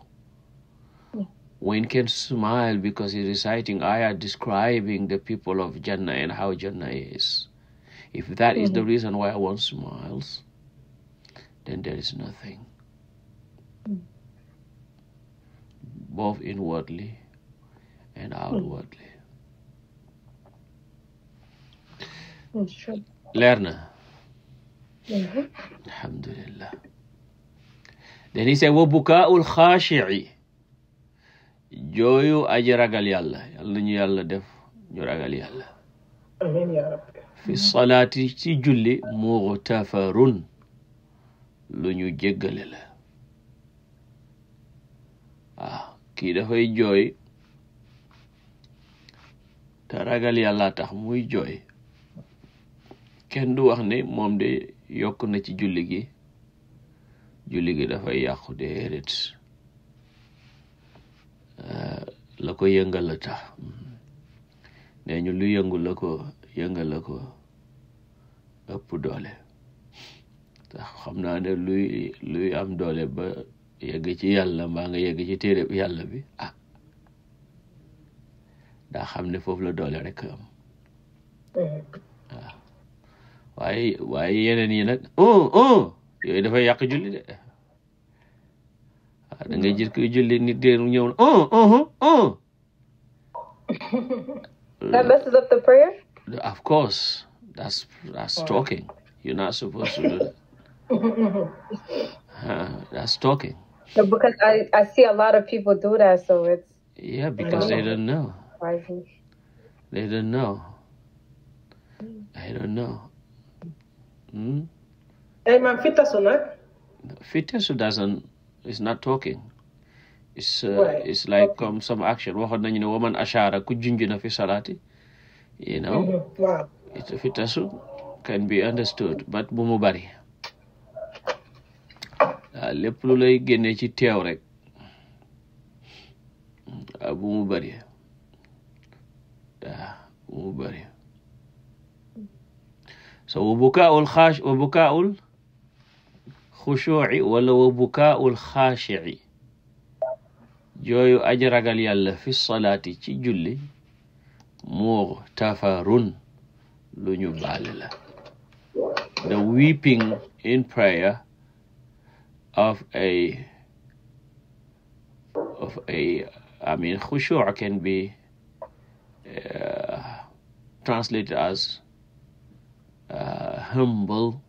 One can smile because he's reciting ayah describing the people of Jannah and how Jannah is. If that mm-hmm. is the mm-hmm. reason why one smiles, then there is nothing, mm. both inwardly and hmm. outwardly. That's true. Leer na. Mm-hmm. Alhamdulillah. Then he said wa bukaa'ul khashi'i jooyu aji ragal yàlla yàlla def ñu ragal yàlla amiin yaa rabbi fi salaati ci julli muxtafarun lu ñu jéggale la waaw ah, kii dafay jooy te ragal yàlla tax muy jooy kenn du wax ne moom de yokk na ci julli gi julli gi dafay yàqu déedéet Eh, la ko yëngal ta nee ñu lu yëngu la ko yëngal la ko ëpp doole tax xam naa ne luy luy am doole ba yegg ci yàlla mbaa nga yegg ci téere yàlla bi ah daa xam ne foofu la doole rek am waaw waaye waaye yeneen yi nag oh oh yooyu julli de da ngay jël koy julli nit déenu ñëw na un un un that messes up the prayer of course that's that's talking you're not supposed to do that <laughs> uh, that's talking no, because I, I see a lot of people do that so it's yeah because they don't know hmm. they don't know I don't know hmm? hey man fitasu nag fitasu doesn't it's not talking it's uh, it's like um, some action waxoon nañu ne waman ashara ku junj fi salaati you know mm-hmm. it fi tasu can be understood bu mu bari waaw lépp lu lay génne ci teew rek waaw bu mu bari waaw bu mu bari so wa bukaa'ul xaash xushuuci wala wa bukaa'ul xaashici jooyu aji ragal yàlla fi salaati ci julli muur lu ñu the weeping in prayer of a uh, uh, humble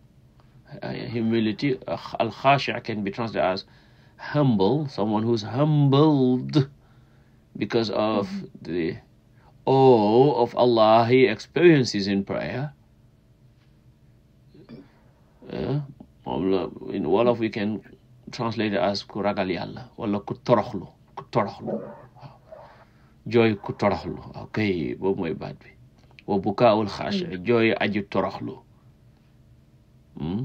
Uh, humility uh, al khashi'a can be translated as humble someone who's humbled because of mm-hmm. the awe of Allah he experiences in prayer uh, moom la in wolof we can translate it as ku ragal yàlla wala ku toroxlu ku toroxlu waaw jooy ku toroxlu waaw kay boobu mooy baat bi wa bukaawul xaashi mm. jooy aju toroxlu hmm?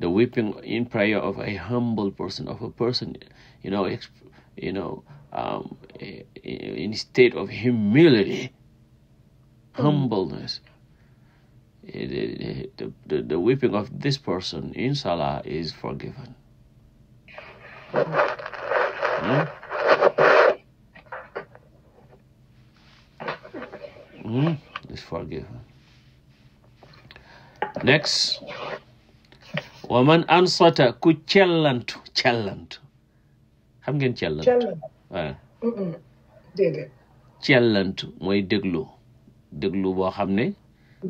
the weeping in prayer of a humble person, of a person, you know, you know, um, in state of humility, mm. humbleness. Eh, the, the, the, the weeping of this person in Salah is forgiven. Hmm? Hmm? Is forgiven. Next. wa man ansata ku cellantu cellantu xam ngeen cellantu waaw déedéet cellantu mooy déglu déglu boo xam ne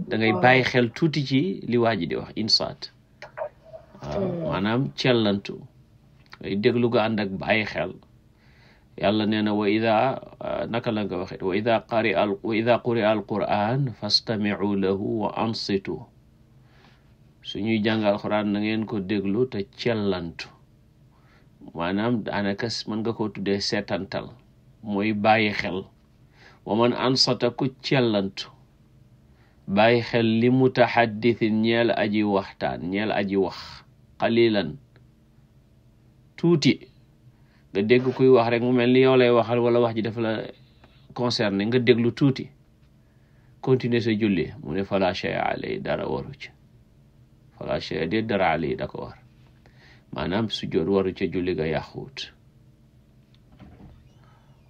da ngay bàyyi xel tuuti ci li waa ji di wax insaat waaw mm. maanaam cellantu mooy déglu ga ànd ak bàyyi xel yàlla nee na wa ida ah, naka la nga waxee wa ida qari al wa ida quri al quran fastamiu lahu wa ansitu suñuy jàng alxuraan na ngeen ko déglu te cellantu maanaam anaka mën nga koo tuddee seetantal mooy bàyyi xel wa man ansata ku cellantu bàyyi xel li mu mutaxaddisin ñeel aji waxtaan ñeel aji wax xalilan tuuti nga dégg kuy wax rek mu mel ni yow lay waxal wala wax ji dafa la concerné nga déglu tuuti continuer sa julli mu ne fala shay alay dara waru ci wala chey di dara lii da ko war maanaam sujjoot waru ca julli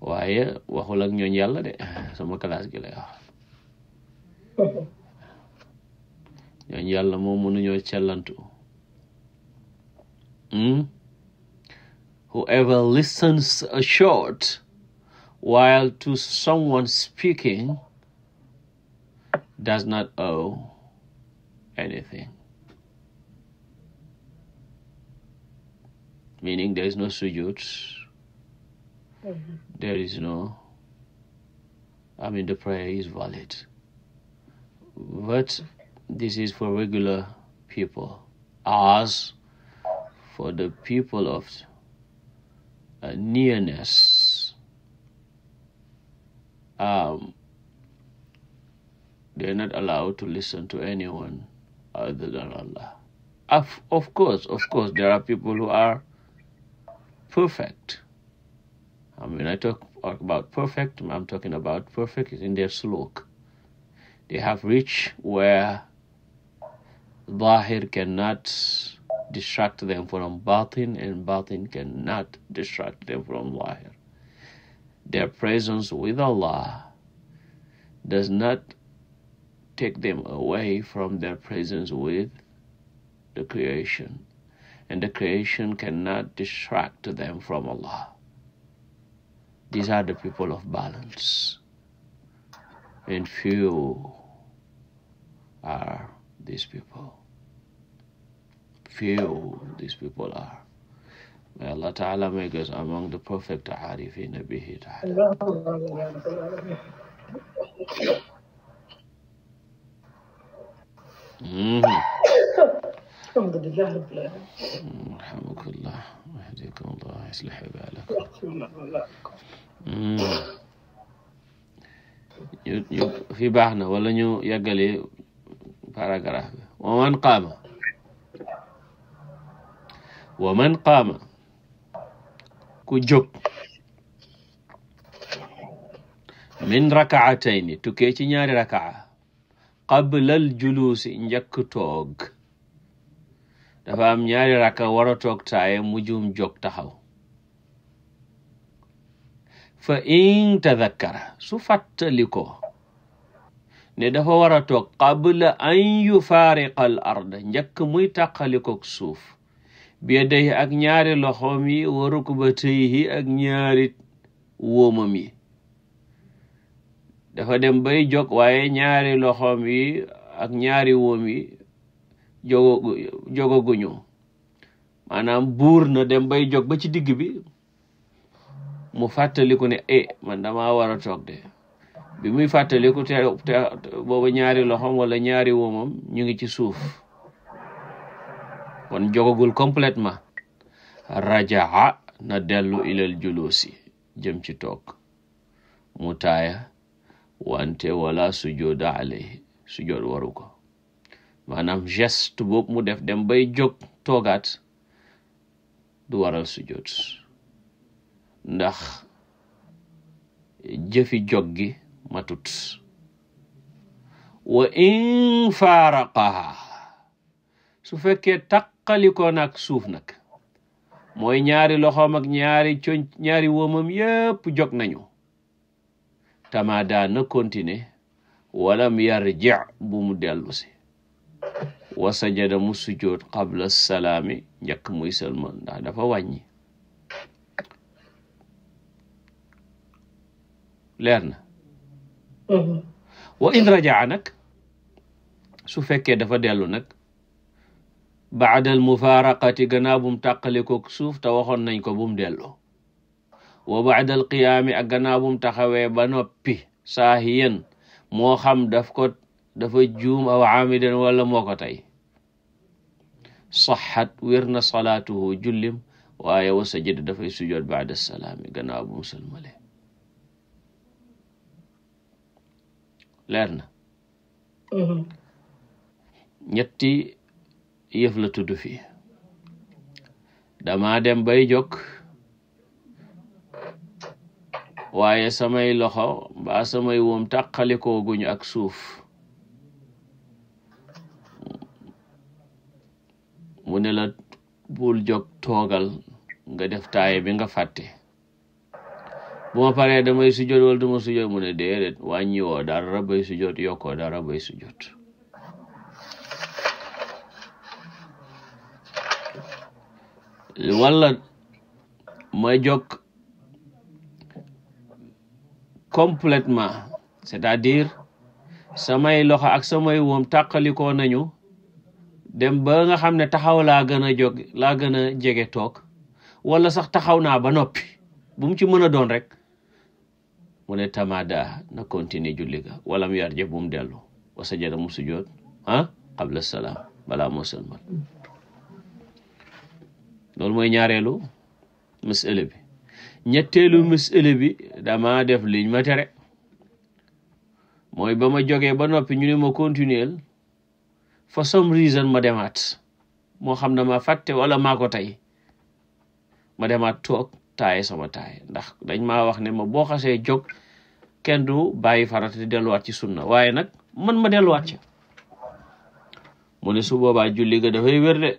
waaye waxul ñooñ yàlla de sama classe gi lay wax ñooñ yàlla moom mënuñoo cellantu whoever listens a short while to someone speaking does not owe anything meaning there is no sujood. Mm-hmm. There is no, I mean, the prayer is valid. But this is for regular people. As for the people of uh, nearness, um, they are not allowed to listen to anyone other than Allah. Of, of course, of course, there are people who are perfect. And when I talk about perfect, I'm talking about perfect is in their suluk. They have reached where Zahir cannot distract them from Batin and Batin cannot distract them from Zahir. Their presence with Allah does not take them away from their presence with the creation. and the creation cannot distract them from Allah. These are the people of balance, and few are these people. Few these people are. May Allah Ta'ala make us among the perfect arifin bihi Ta'ala. Mm-hmm. alhamdulilah rabbil aalamiin rahmakumullah wahdikumullah yuslih baalakum ñu ñu fi baax na wala ñu yàggale paragraphe bi wa man qaama wa man qaama ku jóg min rakaatayni tukkee ci ñaari rakaa qabla al juluusi njëkk toog dafa am ñaari rakka war a toog taaye mu juum jóg taxaw fa in tadakkara su fàttali ko ne dafa war a toog qabla an yufaariqa al ard njëkk muy tàqalikook suuf biyadayhi ak ñaari loxoom yi wa rukbatayhi ak ñaari wóomam yi dafa dem bay jóg waaye ñaari loxoom ak ñaari wóom yi jogo jogoguñu maanaam buur na dem bay jog ba ci digg bi mu fàttaliku ne e man damaa war a toog de bi muy fàttaliku te te ñaari loxom wala ñaari womam ñu ngi ci suuf kon jogagul complètement rajaa na dellu ilal julusi jëm ci toog mu taaya wante wala sujuda alayhi sujud maanaam geste boobu mu def dem bay jóg toogaat du waral sujjóot ndax jëfi jog gi matut wa in faaraqaha su fekkee taqalikoo nag suuf nag mooy ñaari loxoom ak ñaari coñ ñaari wóomam yépp jog nañu tamadaa na continuer walam yarji bu mu dellu si wa sajada mu sujjoot qabla salaami njëkk muy sëlmal ndax dafa wàññi leer na mm-hmm. wa in rajaa nag su fekkee dafa dellu nag baadal mufaaraqati gannaaw bum tàqalikook suuf te waxoon nañ ko bum delloo wa baadal qiyaami ak gannaaw bum taxawee ba noppi saahiyan moo xam daf ko dafa juum aw aamidan wala moo ko tey saxat wér na salaatuhu jullim waaye wa sajada dafay sujood baada salaami gannaaw leer na mm-hmm. ñetti yëf la tudd fii dama dem bay jokk waaye samay loxo mbaa samay woom tàqalikoo guñu ak suuf mu ne la bul jóg toogal nga def taaye bi nga fàtte bu ma paree damay sujjoot wala duma sujjoot mu ne déedéet wàññiwoo dara bay sujjoot yokkoo dara bay sujjoot wala ma jóg complètement c'est-à-dire samay loxo ak samay woom tàqalikoo nañu dem ba nga xam ne taxaw laa gën a jóg laa gën a jege toog wala sax taxaw naa ba noppi bu mu ci mën a doon rek mu ne tamada na continuer julli ga wala mu yar jëf bu mu dellu wa sajada mu sujjoot ah qabla salaam balaa moo loolu mooy ñaareelu masala bi ñetteelu masala bi dama def liñ ma tere mooy ba ma jógee ba noppi ñu ne ma continuer for some reason ma demaat moo xam ne ma fàtte wala maa ko tey ma demaat toog taaye sama taaye ndax dañ ma wax ne ma boo xasee jóg kenn du bàyyi farata di delluwaat ci sun na waaye nag man ma delluwaat ci mu ne su boobaa julli ga dafay wér de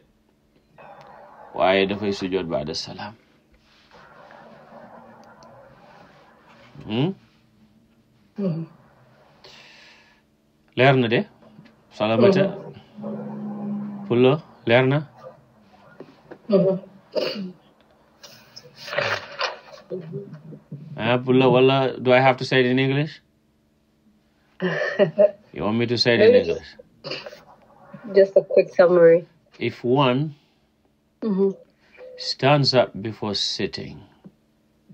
waaye dafay sujjoot baada salaam hmm? Hmm. leer na de salamata Pulo leer na. Uh-huh. ah do I have to say in English? <laughs> you want to say in English? If one mm-hmm. stands up before sitting.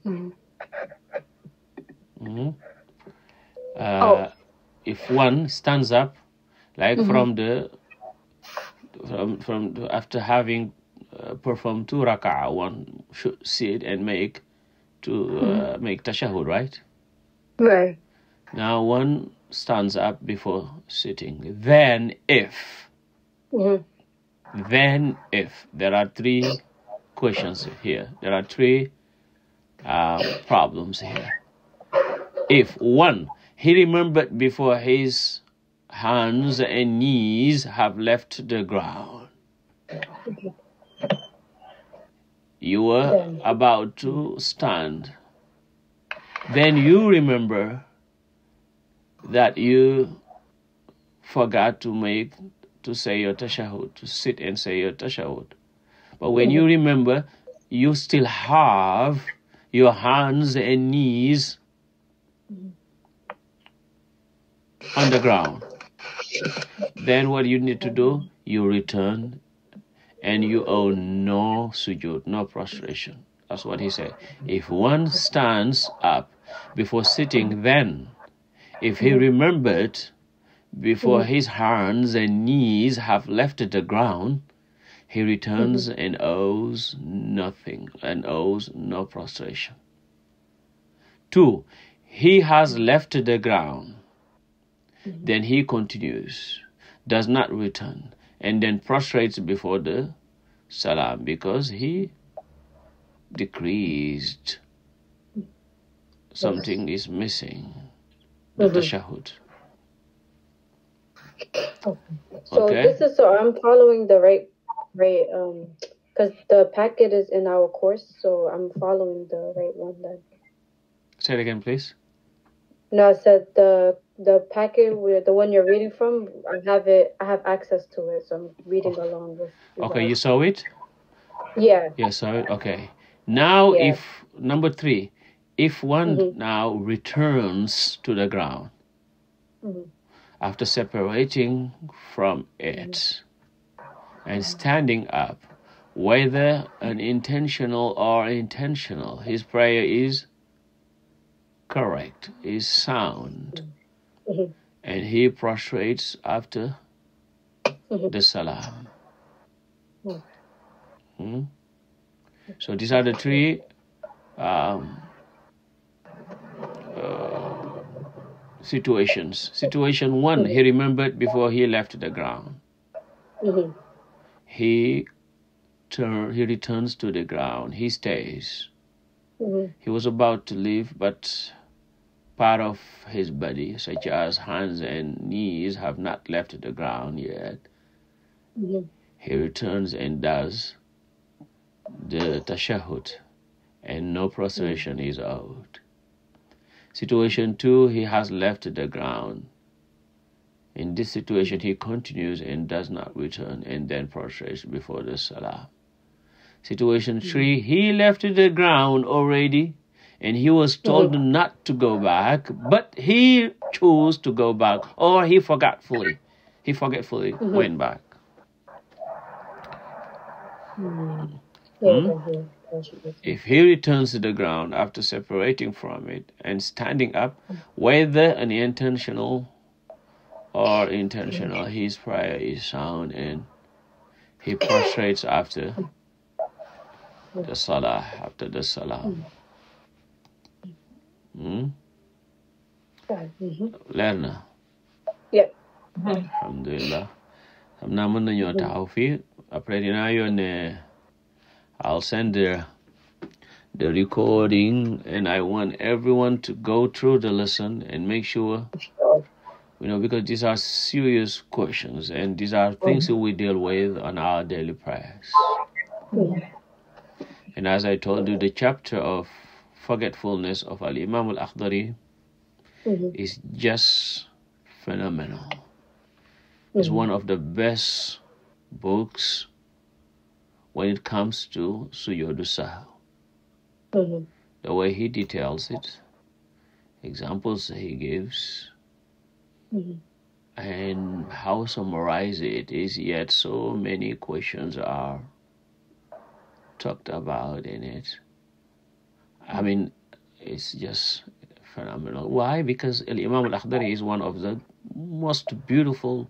Mm-hmm. Mm-hmm. Uh, oh. If one stands up, like from the from from after having uh, performed two rak'ah, one should sit and make to mm-hmm. make tashahud, right? Right. Now one stands up before sitting. Then if mm-hmm. then if there are three questions here. There are three uh, problems here. If one, he remembered before his hands and knees have left the ground. You were about to stand. Then you remember that you forgot to make to say your tashahud, to sit and say your tashahud. But when you remember, you still have your hands and knees on the ground. Then what you need to do, you return and you owe no sujud, no prostration. That's what he said. If one stands up before sitting, then if he mm. remembered before mm. his hands and knees have left the ground, he returns mm-hmm. and owes nothing and owes no prostration. Two, he has left the ground Mm-hmm. Then he continues, does not return, and then prostrates before the salam because he decreased. Something is missing. Mm-hmm. The tashahud. Okay. So okay. following the right right because um, the packet is in our course, so I'm following the right one then. Say again, please. the packet with the one you're reading from i have it i have access to it so i'm reading oh. along with you okay guys. you saw it yeah yeah saw it okay now yeah. if number three if one mm-hmm. now returns to the ground mm-hmm. after separating from it mm-hmm. and standing up whether unintentional or intentional his prayer is correct is sound mm-hmm. Mm-hmm. And he prostrates after mm-hmm. the salam. Mm-hmm. Hmm? So these are the three um, uh, situations. Situation one, he remembered before he left the ground. Mm-hmm. He turn, he returns to the ground. He stays. Mm-hmm. He was about to leave, but part of his body, such as hands and knees, have not left the ground yet. He returns and does the tashahhud, and no prostration is owed. Situation two, he has left the ground. In this situation, he continues and does not return and then prostrates before the salah. Situation three, he left the ground already and he was told mm-hmm. not to go back, but he chose to go back, or he forgetfully, he forgetfully mm-hmm. went back. Mm-hmm. If he returns to the ground after separating from it and standing up, whether unintentional or intentional, his prayer is sound and he prostrates after the salah, after the salah. Hmm. Hmm? Mm-hmm. leer na alhamdulilah xam naa mën nañoo mm-hmm. taxaw fii après dinaa yónnee send the recording and I want everyone to go through the lesson and make sure these are serious questions and these are things mm-hmm. that we deal with on our daily prayers and as I told you the chapter of forgetfulness of al imam al akhdari mm-hmm. is just phenomenal mm-hmm. it's one of the best books when it comes to sujudu sahw mm-hmm. the way he details it examples he gives mm-hmm. and how summarized it is yet so many questions are talked about in it I mean, it's just phenomenal. Why? Because Al Imam Al Akhdari is one of the most beautiful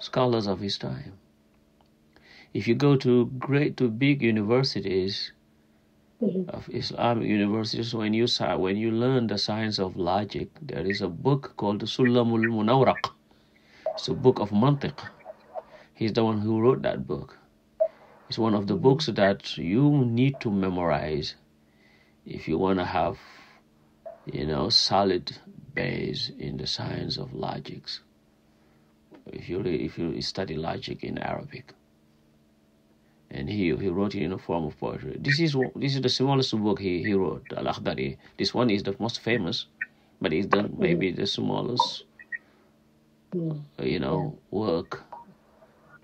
scholars of his time. If you go to great to big universities mm-hmm. of Islamic universities, when you when you learn the science of logic, there is a book called Sulamul Munawraq. It's a book of mantiq. He's the one who wrote that book. It's one of the books that you need to memorize if you want to have you know solid base in the science of logics if you if you study logic in Arabic and he he wrote it in a form of poetry this is this is the smallest book he he wrote Al-Akhdari this one is the most famous but it's the maybe the smallest you know work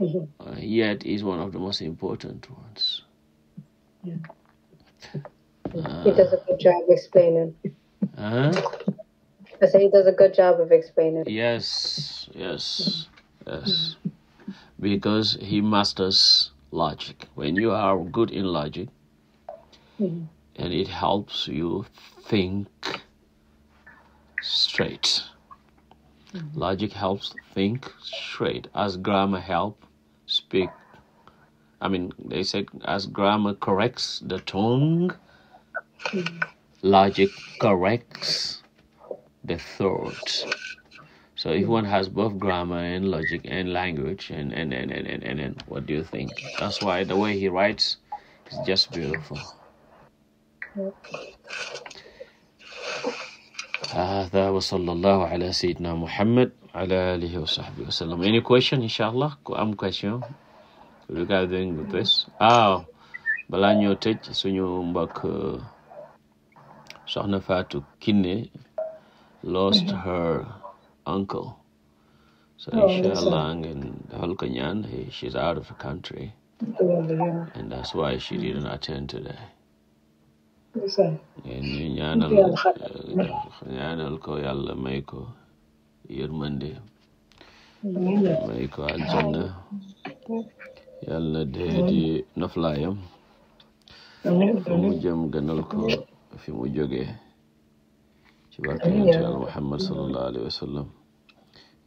mm-hmm. uh, yet is one of the most important ones Uh, he does a good job explaining. Huh? I say he does a good job of explaining. Yes, yes, yes. Because he masters logic. When you are good in logic, mm-hmm. and it helps you think straight. Mm-hmm. Logic helps think straight, as grammar help speak. I mean, they said as grammar corrects the tongue, logic corrects the thought. So if one has both grammar and logic and language and and and and and, and, and what do you think? That's why the way he writes is just beautiful. هذا وصلى الله على سيدنا محمد على آله وصحبه وسلم. Any question inshallah? Am question regarding this? Ah, balaa ñoo tëj suñu mbokk Soxna Fatou Kiné lost mhm. her uncle so oh, incha allah ngeen defal ko ñaan she's out of the country and that's why she didn't attend today ngeen ñu ñaanal eh, ñaanal ko yàlla may ko yërmande may ko aljanna yàlla dee di mu jëm gënal ko fi mu jógee ci barke yonent Yàlla Muhammad sallallahu alayhi wa sallam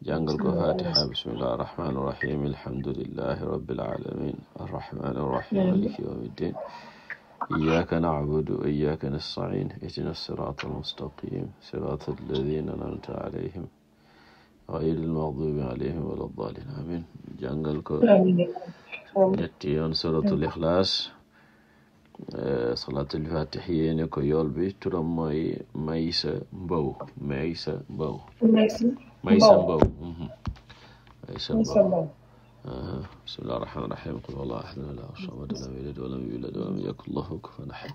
jàngal ko fatiha bismillahi arrahmani irrahim alhamdulillahi rabbil alamin arrahmani irrahim maliki yawmi ddin iyyaka na'budu wa iyyaka nasta'in ihdina sirata almustaqim sirata alladhina an'amta alayhim ghayril maghdubi alayhim waladdallin amin jàngal ko ñetti yoon suratul ikhlas salaatul fatih yéene ko yool bi turam mooy Maysa Mbow Maysa Mbow Maysa Mbow Maysa Mbow bismillahi rahmaani rahiim qul huwallahu ahad allahu samad lam yalid wa lam yulad wa lam yakun lahu kufuwan ahad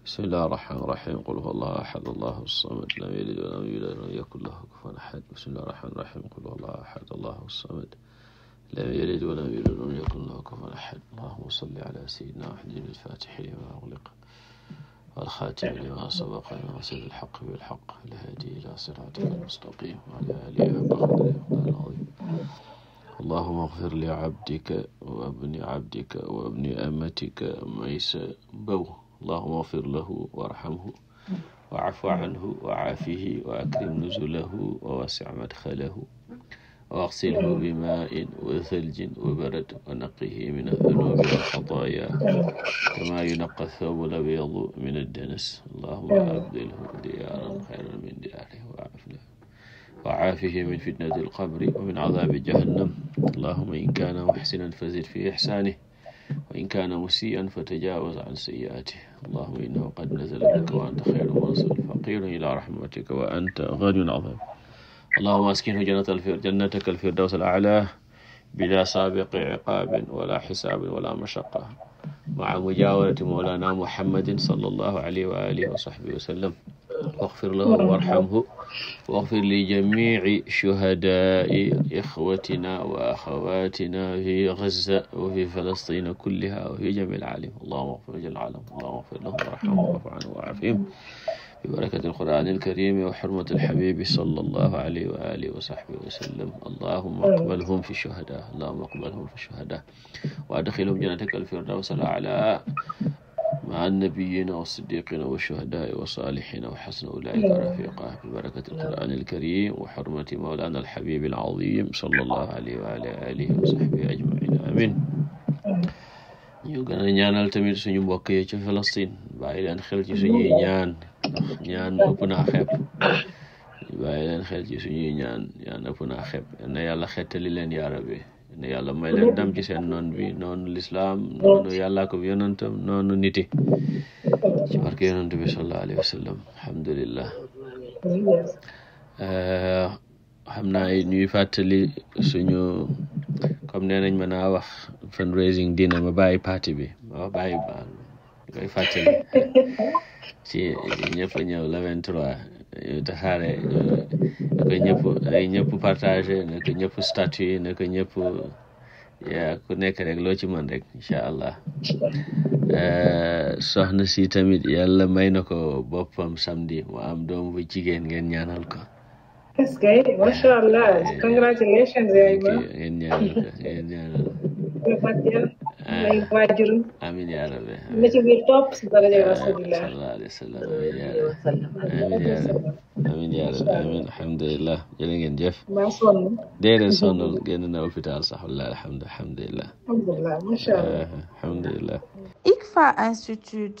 bismillahi rahmaani rahiim qul huwallahu ahad allahu samad lam yalid wa lam yulad wa lam yakun lahu kufuwan ahad bismillahi rahmaani rahiim qul huwallahu ahad allahu samad لم يلد ولم يولد ولم يكن له كفوا أحد اللهم صل على سيدنا محمد الفاتح لما أغلق والخاتم لما سبق ناصر الحق بالحق الهادي إلى صراطك المستقيم وعلى آله حق قدره العظيم اللهم اغفر لعبدك وابن عبدك وابن أمتك عيسى بو اللهم اغفر له وارحمه واعف عنه وعافه وأكرم نزله ووسع مدخله واغسله بماء وثلج وبرد ونقه من الذنوب والخطايا كما ينقى الثوب الأبيض من الدنس اللهم أبدله ديارا خيرا من دياره وعافله وعافه من فتنة القبر ومن عذاب جهنم اللهم إن كان محسنا فزد في إحسانه وإن كان مسيئا فتجاوز عن سيئاته اللهم إنه قد نزل بك وأنت خير منصر فقير إلى رحمتك وأنت غني عظيم allahuma askinhu jannatal fir jannataka alfirdaws al a'la bila sabiqi iqabin wala xisaabin wala mashaqa maa mujawalati mawlana muhammadin sallallahu alayhi wa alihi wa sahbihi wa sallam waxfir lahu warhamhu waxfir li jamici shuhadaai ixwatina wa axawatina fi gaza wa fi falastina kulliha wa fi jami alaalim allahuma axfir jal alam allahuma axfir lahu warhamhu waafu anhu waafihim ببركة القرآن الكريم وحرمة الحبيب صلى الله عليه وآله وصحبه وسلم اللهم اقبلهم في الشهداء اللهم اقبلهم في الشهداء وأدخلهم جنتك الفردوس الأعلى مع النبيين والصديقين والشهداء والصالحين وحسن أولئك رفيقا ببركة القرآن الكريم وحرمة مولانا الحبيب العظيم صلى الله عليه وعلى آله وصحبه أجمعين آمين ñu gën a ñaanal tamit suñu mbokk yi ci Palestine bàyyi leen xel ci suñuy ñaan ñaan ëpp naa xeeb bàyyi leen xel ci suñuy ñaan ñaan ëpp naa xeeb na yàlla xettali leen yaa rabbi na yàlla may leen dam ci seen noon bi noonu lislaam noonu yàllaa ko yonantam noonu niti ci barke yonant bi sallallahu alayhi wa sallam alhamdulillah eh, xam naa ñuy fàttali suñu comme nee nañ mën naa wax fundraising dina ma bàyyi parti bi ma bàyyi baal koy fàttali ci ñëpp ñëw le vingt trois ñëpp ay ñëpp partagé na ko ñëpp statut na ñëpp ku nekk rek loo ci mën rek incha allah euh, soxna si tamit yàlla may na ko boppam samdi mu am doom bu jigéen ngeen ñaanal ko that's great macha allah congratulations yaay ma ngeen ñaanal ko ngeen ñaanal ko fàtteel ay waajur amin yaa rabbi na ci biir topp si daraja ah, rasulillah sallallahu alayhi wa sallam amin yaa rabbi amin yaa rabbi amin alhamdulillah jërë ngeen jëf maa sonn déedéet sonnul génn na hôpital sax wallah alhamdu alhamdulillah alhamdulillah macha allah ah, alhamdulillah ICFA Institute